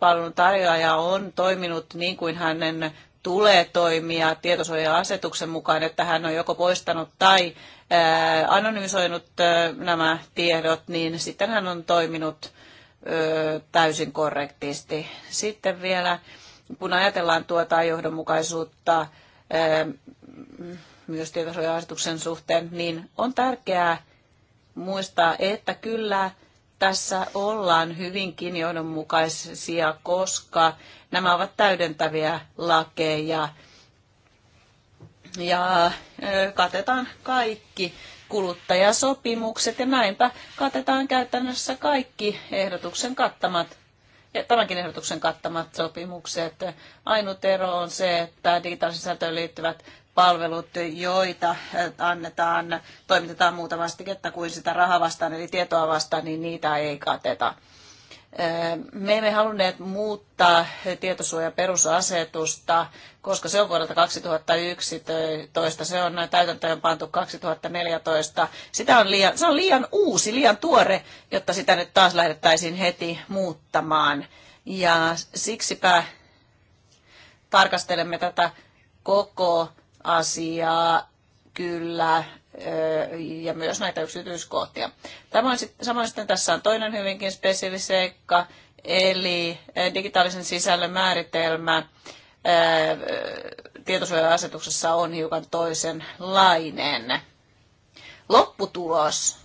palvelun tarjoaja on toiminut niin kuin hänen tulee toimia tietosuoja-asetuksen mukaan, että hän on joko poistanut tai anonymisoinut nämä tiedot, niin sitten hän on toiminut täysin korrektisti. Sitten vielä, kun ajatellaan tuota johdonmukaisuutta myös tietosuoja-asetuksen suhteen, niin on tärkeää muistaa, että kyllä – tässä ollaan hyvinkin johdonmukaisia, koska nämä ovat täydentäviä lakeja ja katetaan kaikki kuluttajasopimukset ja näinpä katetaan käytännössä kaikki ehdotuksen kattamat tämänkin ehdotuksen kattamat sopimukset. Ainut ero on se, että digitaalisisältöön liittyvät palvelut, joita äh, annetaan, toimitetaan muuta vastiketta kuin sitä rahaa vastaan, eli tietoa vastaan, niin niitä ei kateta. Äh, me emme halunneet muuttaa tietosuojaperusasetusta, koska se on vuodelta 2011, se on täytäntöön pantu 2014. Sitä on liian, se on liian uusi, liian tuore, jotta sitä nyt taas lähdettäisiin heti muuttamaan. Ja siksipä tarkastelemme tätä koko asiaa kyllä ja myös näitä yksityiskohtia. Tämä on sit, samoin sitten tässä on toinen hyvinkin spesifi eli digitaalisen sisällön määritelmä tietosuoja-asetuksessa on hiukan toisenlainen. Lopputulos,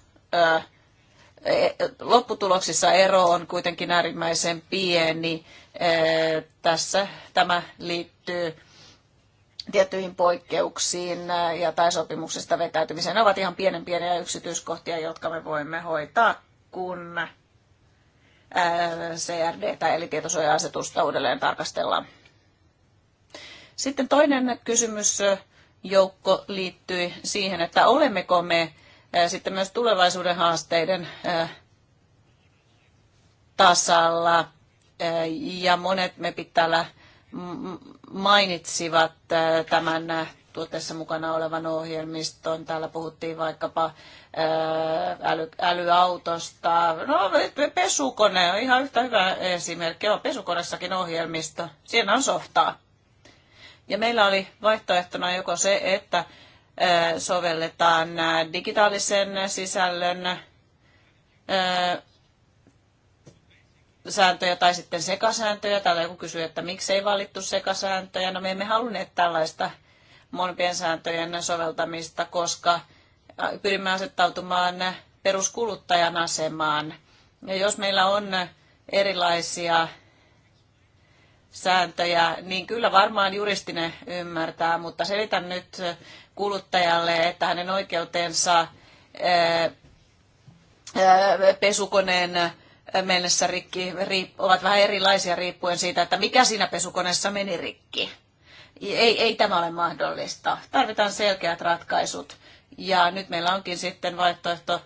e, lopputuloksissa ero on kuitenkin äärimmäisen pieni. Tässä tämä liittyy tiettyihin poikkeuksiin äh, ja tai sopimuksesta vetäytymiseen. Ne ovat ihan pienen pieniä yksityiskohtia, jotka me voimme hoitaa, kun äh, CRD tai eli tietosuoja-asetusta uudelleen tarkastellaan. Sitten toinen kysymys äh, joukko liittyi siihen, että olemmeko me sitten myös tulevaisuuden haasteiden tasalla ja monet me täällä mainitsivat äh, tämän äh, tuotteessa mukana olevan ohjelmiston. Täällä puhuttiin vaikkapa äh, äly, älyautosta. No, pesukone on ihan yhtä hyvä esimerkki. On pesukoneessakin ohjelmisto. Siinä on softaa. Ja meillä oli vaihtoehtona joko se, että sovelletaan digitaalisen sisällön sääntöjä tai sitten sekasääntöjä. Täällä joku kysyy, että miksi ei valittu sekasääntöjä. No me emme halunneet tällaista molempien sääntöjen soveltamista, koska pyrimme asettautumaan peruskuluttajan asemaan. Ja jos meillä on erilaisia sääntöjä, niin kyllä varmaan juristinen ymmärtää, mutta selitän nyt kuluttajalle, että hänen oikeutensa pesukoneen mennessä rikki ovat vähän erilaisia riippuen siitä, että mikä siinä pesukoneessa meni rikki. Ei, ei tämä ole mahdollista. Tarvitaan selkeät ratkaisut. Ja nyt meillä onkin sitten vaihtoehto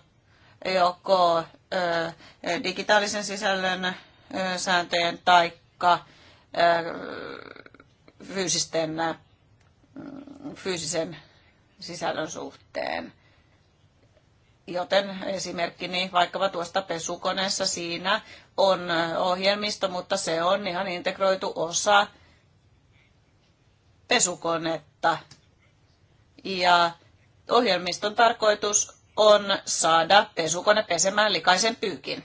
joko ö, digitaalisen sisällön ö, sääntöjen taikka ö, fyysisten, fyysisen sisällön suhteen. Joten niin vaikkapa tuosta pesukoneessa siinä on ohjelmisto, mutta se on ihan integroitu osa pesukonetta. Ja ohjelmiston tarkoitus on saada pesukone pesemään likaisen pyykin.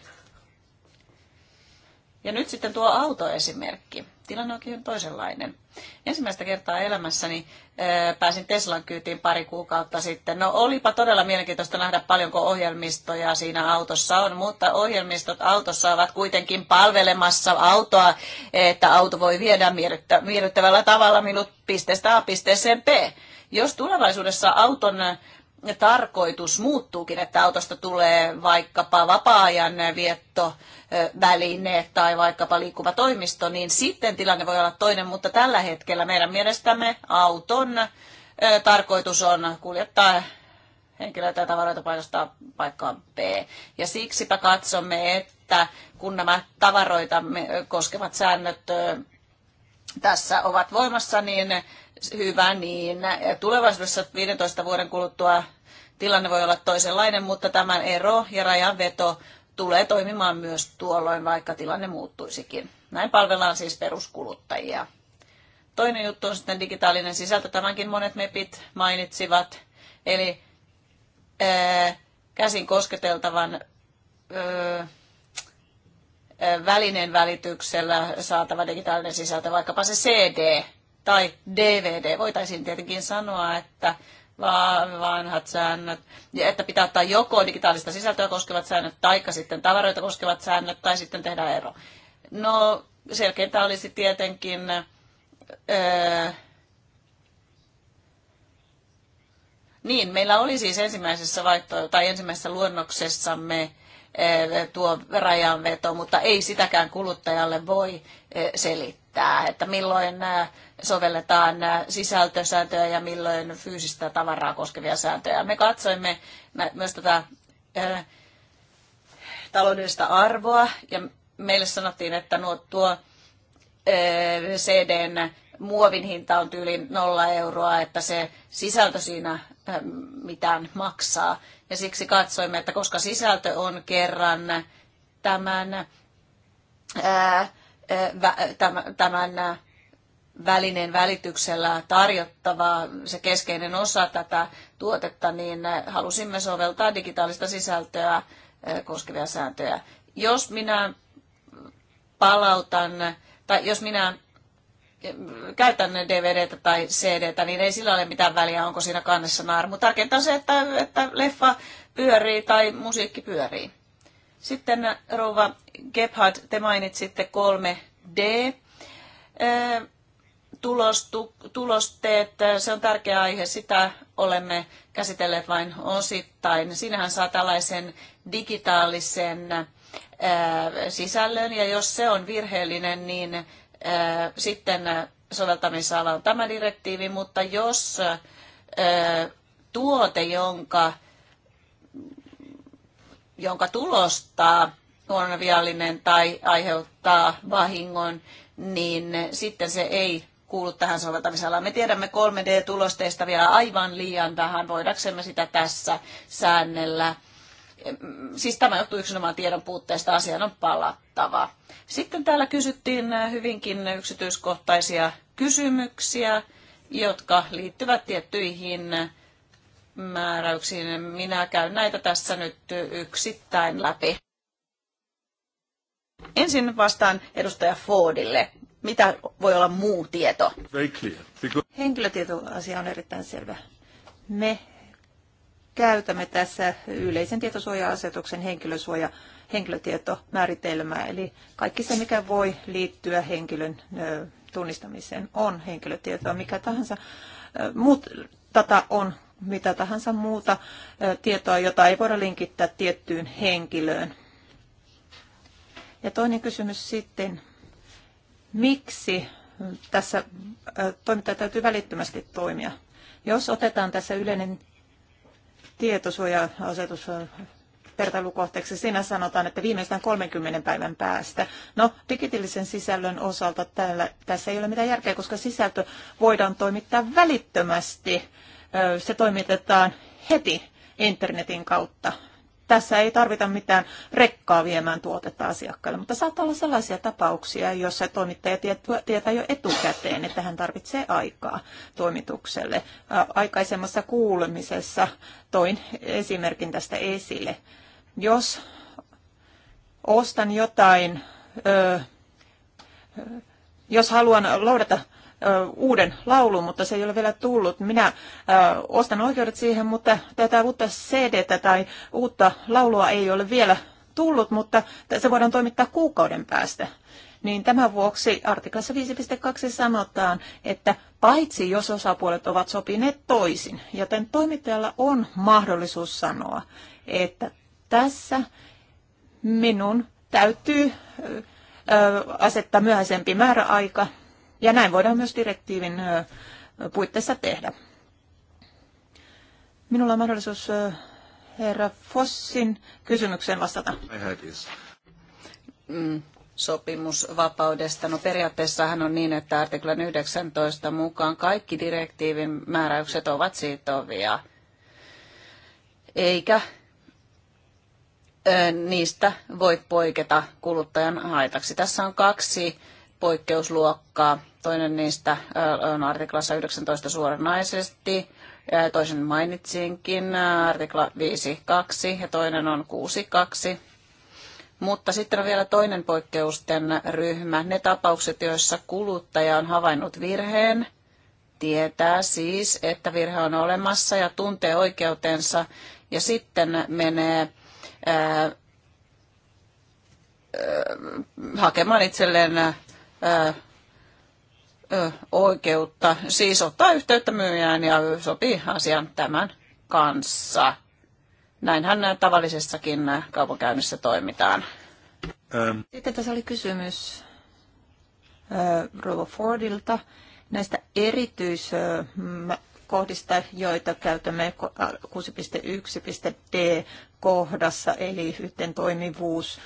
Ja nyt sitten tuo autoesimerkki tilanne onkin ihan toisenlainen. Ensimmäistä kertaa elämässäni eh, pääsin Teslan kyytiin pari kuukautta sitten. No olipa todella mielenkiintoista nähdä paljonko ohjelmistoja siinä autossa on, mutta ohjelmistot autossa ovat kuitenkin palvelemassa autoa, että auto voi viedä miellyttävällä tavalla minut pisteestä A pisteeseen B. Jos tulevaisuudessa auton tarkoitus muuttuukin, että autosta tulee vaikkapa vapaa-ajan väline tai vaikkapa liikkuva toimisto, niin sitten tilanne voi olla toinen, mutta tällä hetkellä meidän mielestämme auton tarkoitus on kuljettaa henkilöitä ja tavaroita paikasta paikkaan B. Ja siksipä katsomme, että kun nämä tavaroita koskevat säännöt tässä ovat voimassa, niin hyvä niin. Tulevaisuudessa 15 vuoden kuluttua tilanne voi olla toisenlainen, mutta tämän ero ja rajanveto tulee toimimaan myös tuolloin, vaikka tilanne muuttuisikin. Näin palvellaan siis peruskuluttajia. Toinen juttu on sitten digitaalinen sisältö. Tämänkin monet mepit mainitsivat. Eli ää, käsin kosketeltavan ää, välineen välityksellä saatava digitaalinen sisältö, vaikkapa se CD, tai DVD. Voitaisiin tietenkin sanoa, että vanhat säännöt, että pitää ottaa joko digitaalista sisältöä koskevat säännöt, tai sitten tavaroita koskevat säännöt, tai sitten tehdä ero. No, selkeintä olisi tietenkin öö, Niin, meillä oli siis ensimmäisessä, vaihto- tai ensimmäisessä luonnoksessamme öö, tuo rajanveto, mutta ei sitäkään kuluttajalle voi öö, selittää määrittää, että milloin sovelletaan sisältösääntöjä ja milloin fyysistä tavaraa koskevia sääntöjä. Me katsoimme myös tätä taloudellista arvoa ja meille sanottiin, että nuo, tuo CDn muovin hinta on tyyli nolla euroa, että se sisältö siinä mitään maksaa. Ja siksi katsoimme, että koska sisältö on kerran tämän ää, tämän välineen välityksellä tarjottava se keskeinen osa tätä tuotetta, niin halusimme soveltaa digitaalista sisältöä koskevia sääntöjä. Jos minä palautan, tai jos minä käytän DVDtä tai CDtä, niin ei sillä ole mitään väliä, onko siinä kannessa naarmu. Tärkeintä on se, että, että leffa pyörii tai musiikki pyörii. Sitten rouva Gebhard, te mainitsitte 3D tulosteet, se on tärkeä aihe, sitä olemme käsitelleet vain osittain. Siinähän saa tällaisen digitaalisen sisällön ja jos se on virheellinen, niin sitten soveltamisala on tämä direktiivi, mutta jos tuote, jonka jonka tulostaa on viallinen tai aiheuttaa vahingon, niin sitten se ei kuulu tähän soveltamisalaan. Me tiedämme 3D-tulosteista vielä aivan liian vähän, voidaksemme sitä tässä säännellä. Siis tämä johtuu yksinomaan tiedon puutteesta, asian on palattava. Sitten täällä kysyttiin hyvinkin yksityiskohtaisia kysymyksiä, jotka liittyvät tiettyihin määräyksiin. Minä käyn näitä tässä nyt yksittäin läpi. Ensin vastaan edustaja Fordille. Mitä voi olla muu tieto? Henkilötietoasia on erittäin selvä. Me käytämme tässä yleisen tietosuoja-asetuksen henkilösuoja henkilötietomääritelmää, eli kaikki se, mikä voi liittyä henkilön tunnistamiseen, on henkilötietoa, mikä tahansa. Muut data on mitä tahansa muuta tietoa, jota ei voida linkittää tiettyyn henkilöön. Ja toinen kysymys sitten, miksi tässä toimittaja täytyy välittömästi toimia? Jos otetaan tässä yleinen tietosuoja-asetus vertailukohteeksi. Siinä sanotaan, että viimeistään 30 päivän päästä. No, digitaalisen sisällön osalta täällä, tässä ei ole mitään järkeä, koska sisältö voidaan toimittaa välittömästi se toimitetaan heti internetin kautta. Tässä ei tarvita mitään rekkaa viemään tuotetta asiakkaalle, mutta saattaa olla sellaisia tapauksia, joissa toimittaja tietää jo etukäteen, että hän tarvitsee aikaa toimitukselle. Aikaisemmassa kuulemisessa toin esimerkin tästä esille. Jos ostan jotain, jos haluan loudata uuden laulun, mutta se ei ole vielä tullut. Minä ostan oikeudet siihen, mutta tätä uutta cd tai uutta laulua ei ole vielä tullut, mutta se voidaan toimittaa kuukauden päästä. Niin tämän vuoksi artiklassa 5.2 sanotaan, että paitsi jos osapuolet ovat sopineet toisin, joten toimittajalla on mahdollisuus sanoa, että tässä minun täytyy asettaa myöhäisempi määräaika ja näin voidaan myös direktiivin puitteissa tehdä. Minulla on mahdollisuus herra Fossin kysymykseen vastata. Mm, sopimusvapaudesta. No periaatteessahan on niin, että artiklan 19 mukaan kaikki direktiivin määräykset ovat sitovia. Eikä niistä voi poiketa kuluttajan haitaksi. Tässä on kaksi poikkeusluokkaa. Toinen niistä on artiklassa 19 suoranaisesti, toisen mainitsinkin, artikla 5.2 ja toinen on 6.2. Mutta sitten on vielä toinen poikkeusten ryhmä, ne tapaukset, joissa kuluttaja on havainnut virheen, tietää siis, että virhe on olemassa ja tuntee oikeutensa ja sitten menee ää, hakemaan itselleen oikeutta, siis ottaa yhteyttä myyjään ja sopii asian tämän kanssa. Näinhän tavallisessakin kaupankäynnissä toimitaan. Ähm. Sitten tässä oli kysymys Rova Fordilta näistä erityiskohdista, joita käytämme 6.1.d kohdassa, eli yhteen toimivuus,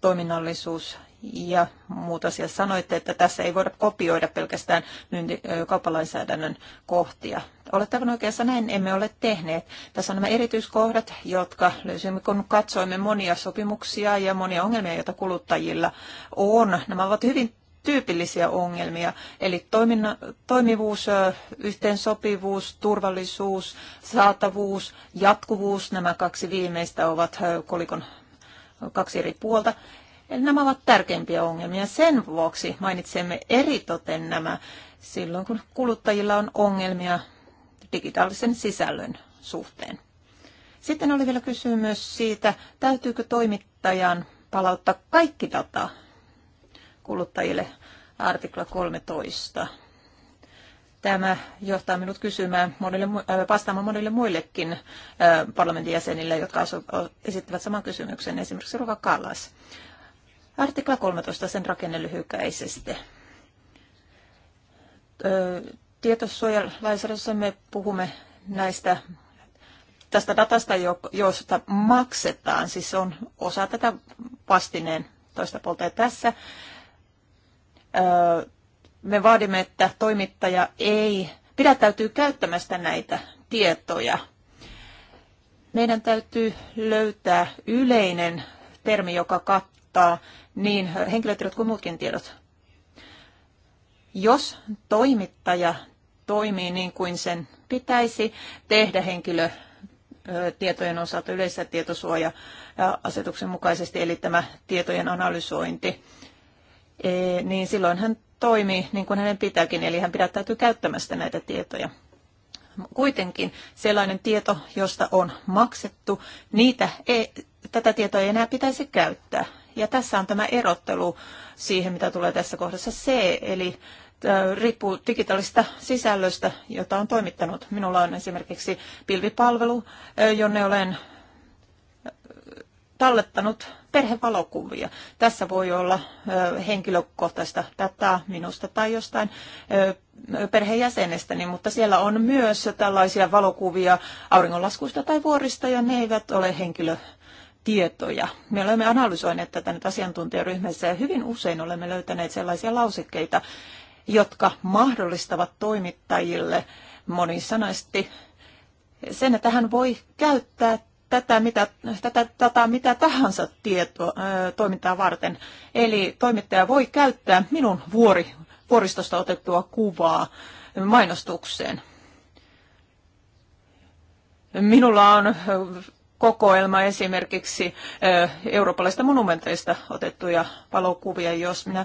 toiminnallisuus ja muut asiat sanoitte, että tässä ei voida kopioida pelkästään myynti- kauppalainsäädännön kohtia. Olette aivan oikeassa, näin emme ole tehneet. Tässä on nämä erityiskohdat, jotka löysimme, kun katsoimme monia sopimuksia ja monia ongelmia, joita kuluttajilla on. Nämä ovat hyvin tyypillisiä ongelmia, eli toiminna, toimivuus, yhteensopivuus, turvallisuus, saatavuus, jatkuvuus, nämä kaksi viimeistä ovat kolikon kaksi eri puolta. Eli nämä ovat tärkeimpiä ongelmia. Sen vuoksi mainitsemme eritoten nämä silloin, kun kuluttajilla on ongelmia digitaalisen sisällön suhteen. Sitten oli vielä kysymys siitä, täytyykö toimittajan palauttaa kaikki data kuluttajille artikla 13. Tämä johtaa minut kysymään monille, äh, vastaamaan monille muillekin äh, parlamentin jäsenille, jotka esittävät saman kysymyksen, esimerkiksi Ruva Kallas. Artikla 13, sen rakenne lyhykäisesti. Tietosuojalaisarjassa me puhumme näistä tästä datasta, josta maksetaan, siis se on osa tätä vastineen toista puolta. Ja tässä me vaadimme, että toimittaja ei pidättäytyy käyttämästä näitä tietoja. Meidän täytyy löytää yleinen termi, joka kattaa ottaa niin henkilötiedot kuin muutkin tiedot. Jos toimittaja toimii niin kuin sen pitäisi tehdä henkilötietojen osalta yleisessä tietosuoja-asetuksen mukaisesti, eli tämä tietojen analysointi, e, niin silloin hän toimii niin kuin hänen pitääkin, eli hän pidättäytyy käyttämästä näitä tietoja. Kuitenkin sellainen tieto, josta on maksettu, niitä ei, tätä tietoa ei enää pitäisi käyttää. Ja tässä on tämä erottelu siihen, mitä tulee tässä kohdassa C, eli äh, riippuu digitaalista sisällöstä, jota on toimittanut. Minulla on esimerkiksi pilvipalvelu, äh, jonne olen äh, tallettanut perhevalokuvia. Tässä voi olla henkilökohtaista dataa minusta tai jostain perheenjäsenestäni, mutta siellä on myös tällaisia valokuvia auringonlaskuista tai vuorista, ja ne eivät ole henkilö tietoja. Me olemme analysoineet tätä nyt asiantuntijaryhmässä ja hyvin usein olemme löytäneet sellaisia lausekkeita, jotka mahdollistavat toimittajille monisanaisesti sen, että hän voi käyttää tätä mitä, tätä, tätä, mitä tahansa tietoa ö, toimintaa varten. Eli toimittaja voi käyttää minun vuori, vuoristosta otettua kuvaa mainostukseen. Minulla on kokoelma esimerkiksi eurooppalaisista monumenteista otettuja valokuvia, jos minä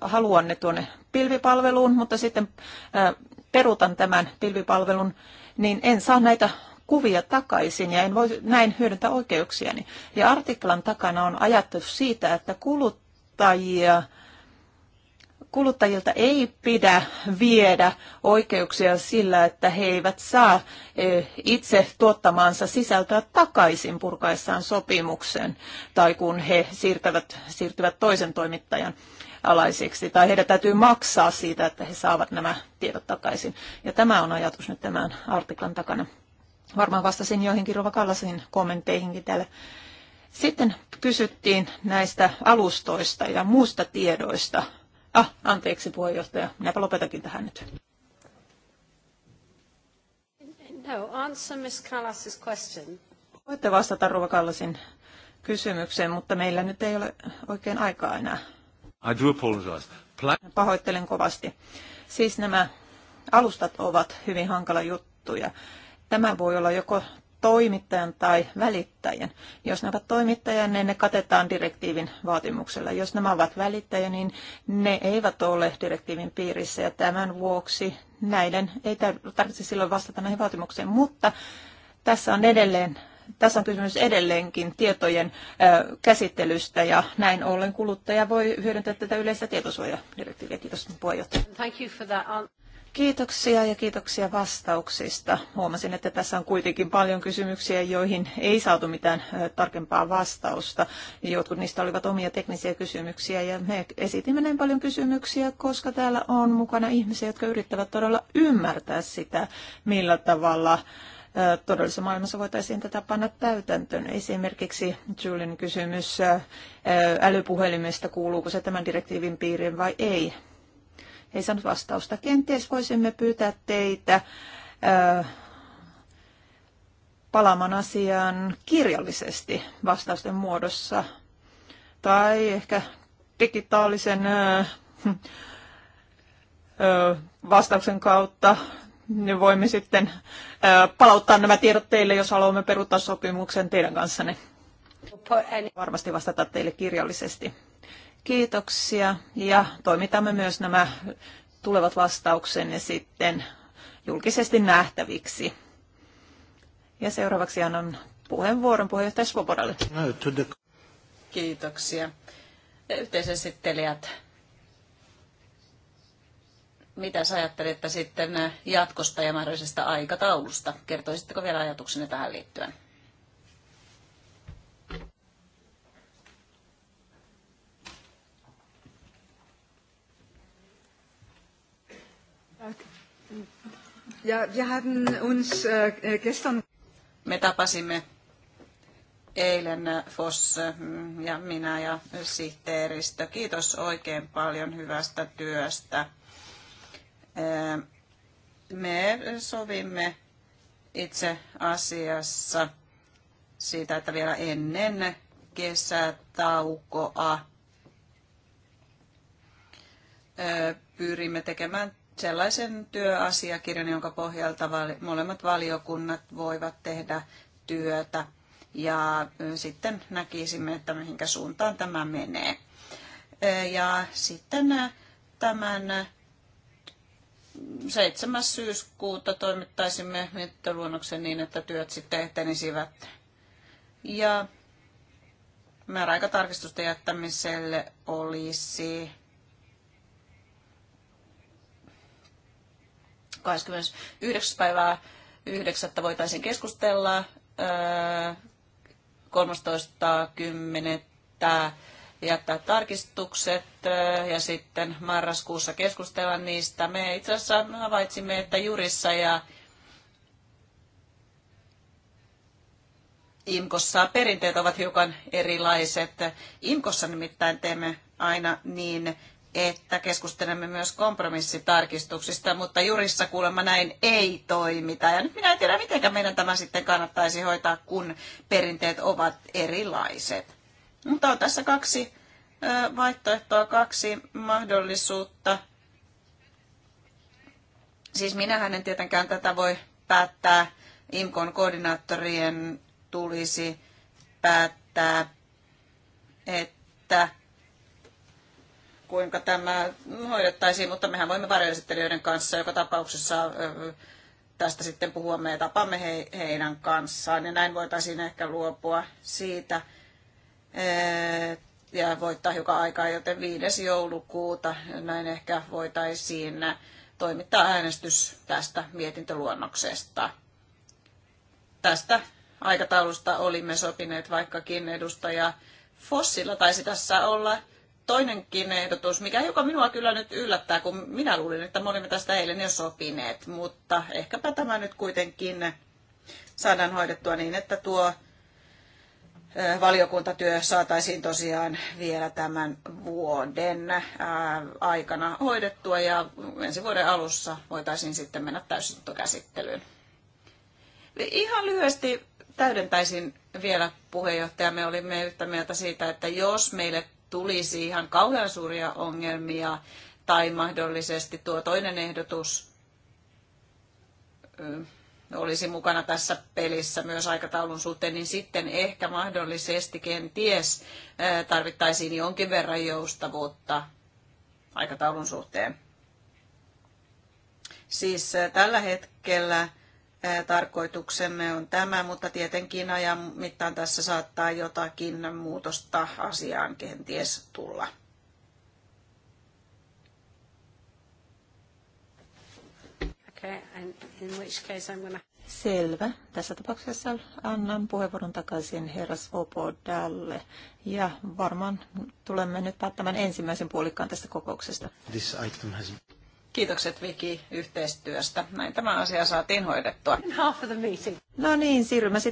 haluan ne tuonne pilvipalveluun, mutta sitten perutan tämän pilvipalvelun, niin en saa näitä kuvia takaisin ja en voi näin hyödyntää oikeuksiani. Ja artiklan takana on ajatus siitä, että kuluttajia kuluttajilta ei pidä viedä oikeuksia sillä, että he eivät saa eh, itse tuottamaansa sisältöä takaisin purkaessaan sopimuksen tai kun he siirtävät, siirtyvät toisen toimittajan alaisiksi tai heidän täytyy maksaa siitä, että he saavat nämä tiedot takaisin. Ja tämä on ajatus nyt tämän artiklan takana. Varmaan vastasin joihinkin Rova Kallasin kommentteihinkin täällä. Sitten kysyttiin näistä alustoista ja muusta tiedoista – Ah, anteeksi puheenjohtaja, minäpä lopetakin tähän nyt. No, answer question. Voitte vastata Ruva Kallasin kysymykseen, mutta meillä nyt ei ole oikein aikaa enää. I do apologize. Pla- Pahoittelen kovasti. Siis nämä alustat ovat hyvin hankala juttuja. Tämä voi olla joko toimittajan tai välittäjän. Jos ne ovat toimittajia, niin ne katetaan direktiivin vaatimuksella. Jos nämä ovat välittäjä, niin ne eivät ole direktiivin piirissä ja tämän vuoksi näiden ei tarvitse silloin vastata näihin vaatimuksiin, mutta tässä on edelleen tässä on kysymys edelleenkin tietojen käsittelystä ja näin ollen kuluttaja voi hyödyntää tätä yleistä tietosuojadirektiiviä. Kiitos puheenjohtaja. Thank you for that. Kiitoksia ja kiitoksia vastauksista. Huomasin, että tässä on kuitenkin paljon kysymyksiä, joihin ei saatu mitään tarkempaa vastausta. Jotkut niistä olivat omia teknisiä kysymyksiä ja me esitimme näin paljon kysymyksiä, koska täällä on mukana ihmisiä, jotka yrittävät todella ymmärtää sitä, millä tavalla todellisessa maailmassa voitaisiin tätä panna täytäntöön. Esimerkiksi Julin kysymys älypuhelimesta, kuuluuko se tämän direktiivin piiriin vai ei ei saanut vastausta. Kenties voisimme pyytää teitä ää, palaamaan asiaan kirjallisesti vastausten muodossa tai ehkä digitaalisen ää, vastauksen kautta niin voimme sitten palauttaa nämä tiedot teille, jos haluamme peruuttaa sopimuksen teidän kanssanne. Varmasti vastata teille kirjallisesti. Kiitoksia ja toimitamme myös nämä tulevat vastauksenne sitten julkisesti nähtäviksi. Ja seuraavaksi annan puheenvuoron puheenjohtaja Svobodalle. No, Kiitoksia. Yhteisesittelijät, mitä sä ajattelit sitten jatkosta ja mahdollisesta aikataulusta? Kertoisitteko vielä ajatuksenne tähän liittyen? Ja, wir uns äh, äh, gestern... Me tapasimme eilen äh, Foss ja minä ja sihteeristö. Kiitos oikein paljon hyvästä työstä. Me sovimme itse asiassa siitä, että vielä ennen kesätaukoa pyrimme tekemään sellaisen työasiakirjan, jonka pohjalta molemmat valiokunnat voivat tehdä työtä ja sitten näkisimme, että mihinkä suuntaan tämä menee. Ja sitten tämän 7. syyskuuta toimittaisimme mietintöluonnoksen niin, että työt sitten etenisivät. Ja määräaikatarkistusten jättämiselle olisi 29. päivää 9. voitaisiin keskustella, 13.10. Öö, jättää tarkistukset öö, ja sitten marraskuussa keskustella niistä. Me itse asiassa havaitsimme, että jurissa ja IMKossa perinteet ovat hiukan erilaiset. IMKossa nimittäin teemme aina niin, että keskustelemme myös kompromissitarkistuksista, mutta jurissa kuulemma näin ei toimita. Ja nyt minä en tiedä, miten meidän tämä sitten kannattaisi hoitaa, kun perinteet ovat erilaiset. Mutta on tässä kaksi vaihtoehtoa, kaksi mahdollisuutta. Siis minähän en tietenkään tätä voi päättää. IMKon koordinaattorien tulisi päättää, että kuinka tämä hoidettaisiin, mutta mehän voimme varjoesittelijöiden kanssa joka tapauksessa tästä sitten puhua. Me tapamme he, heidän kanssaan ja näin voitaisiin ehkä luopua siitä ja voittaa hiukan aikaa, joten 5. joulukuuta näin ehkä voitaisiin toimittaa äänestys tästä mietintöluonnoksesta. Tästä aikataulusta olimme sopineet, vaikkakin edustaja Fossilla taisi tässä olla toinenkin ehdotus, mikä joka minua kyllä nyt yllättää, kun minä luulin, että me olimme tästä eilen jo sopineet, mutta ehkäpä tämä nyt kuitenkin saadaan hoidettua niin, että tuo valiokuntatyö saataisiin tosiaan vielä tämän vuoden aikana hoidettua ja ensi vuoden alussa voitaisiin sitten mennä täysistuntokäsittelyyn. Ihan lyhyesti täydentäisin vielä puheenjohtaja. Me olimme yhtä mieltä siitä, että jos meille tulisi ihan kauhean suuria ongelmia, tai mahdollisesti tuo toinen ehdotus olisi mukana tässä pelissä myös aikataulun suhteen, niin sitten ehkä mahdollisesti kenties tarvittaisiin jonkin verran joustavuutta aikataulun suhteen. Siis tällä hetkellä tarkoituksemme on tämä, mutta tietenkin ajan mittaan tässä saattaa jotakin muutosta asiaan kenties tulla. Okay, and in which case I'm gonna... Selvä. Tässä tapauksessa annan puheenvuoron takaisin herra Svobodalle. Ja varmaan tulemme nyt päättämään ensimmäisen puolikkaan tästä kokouksesta. This item has... Kiitokset Viki yhteistyöstä. Näin tämä asia saatiin hoidettua. No niin, siirrymme sitten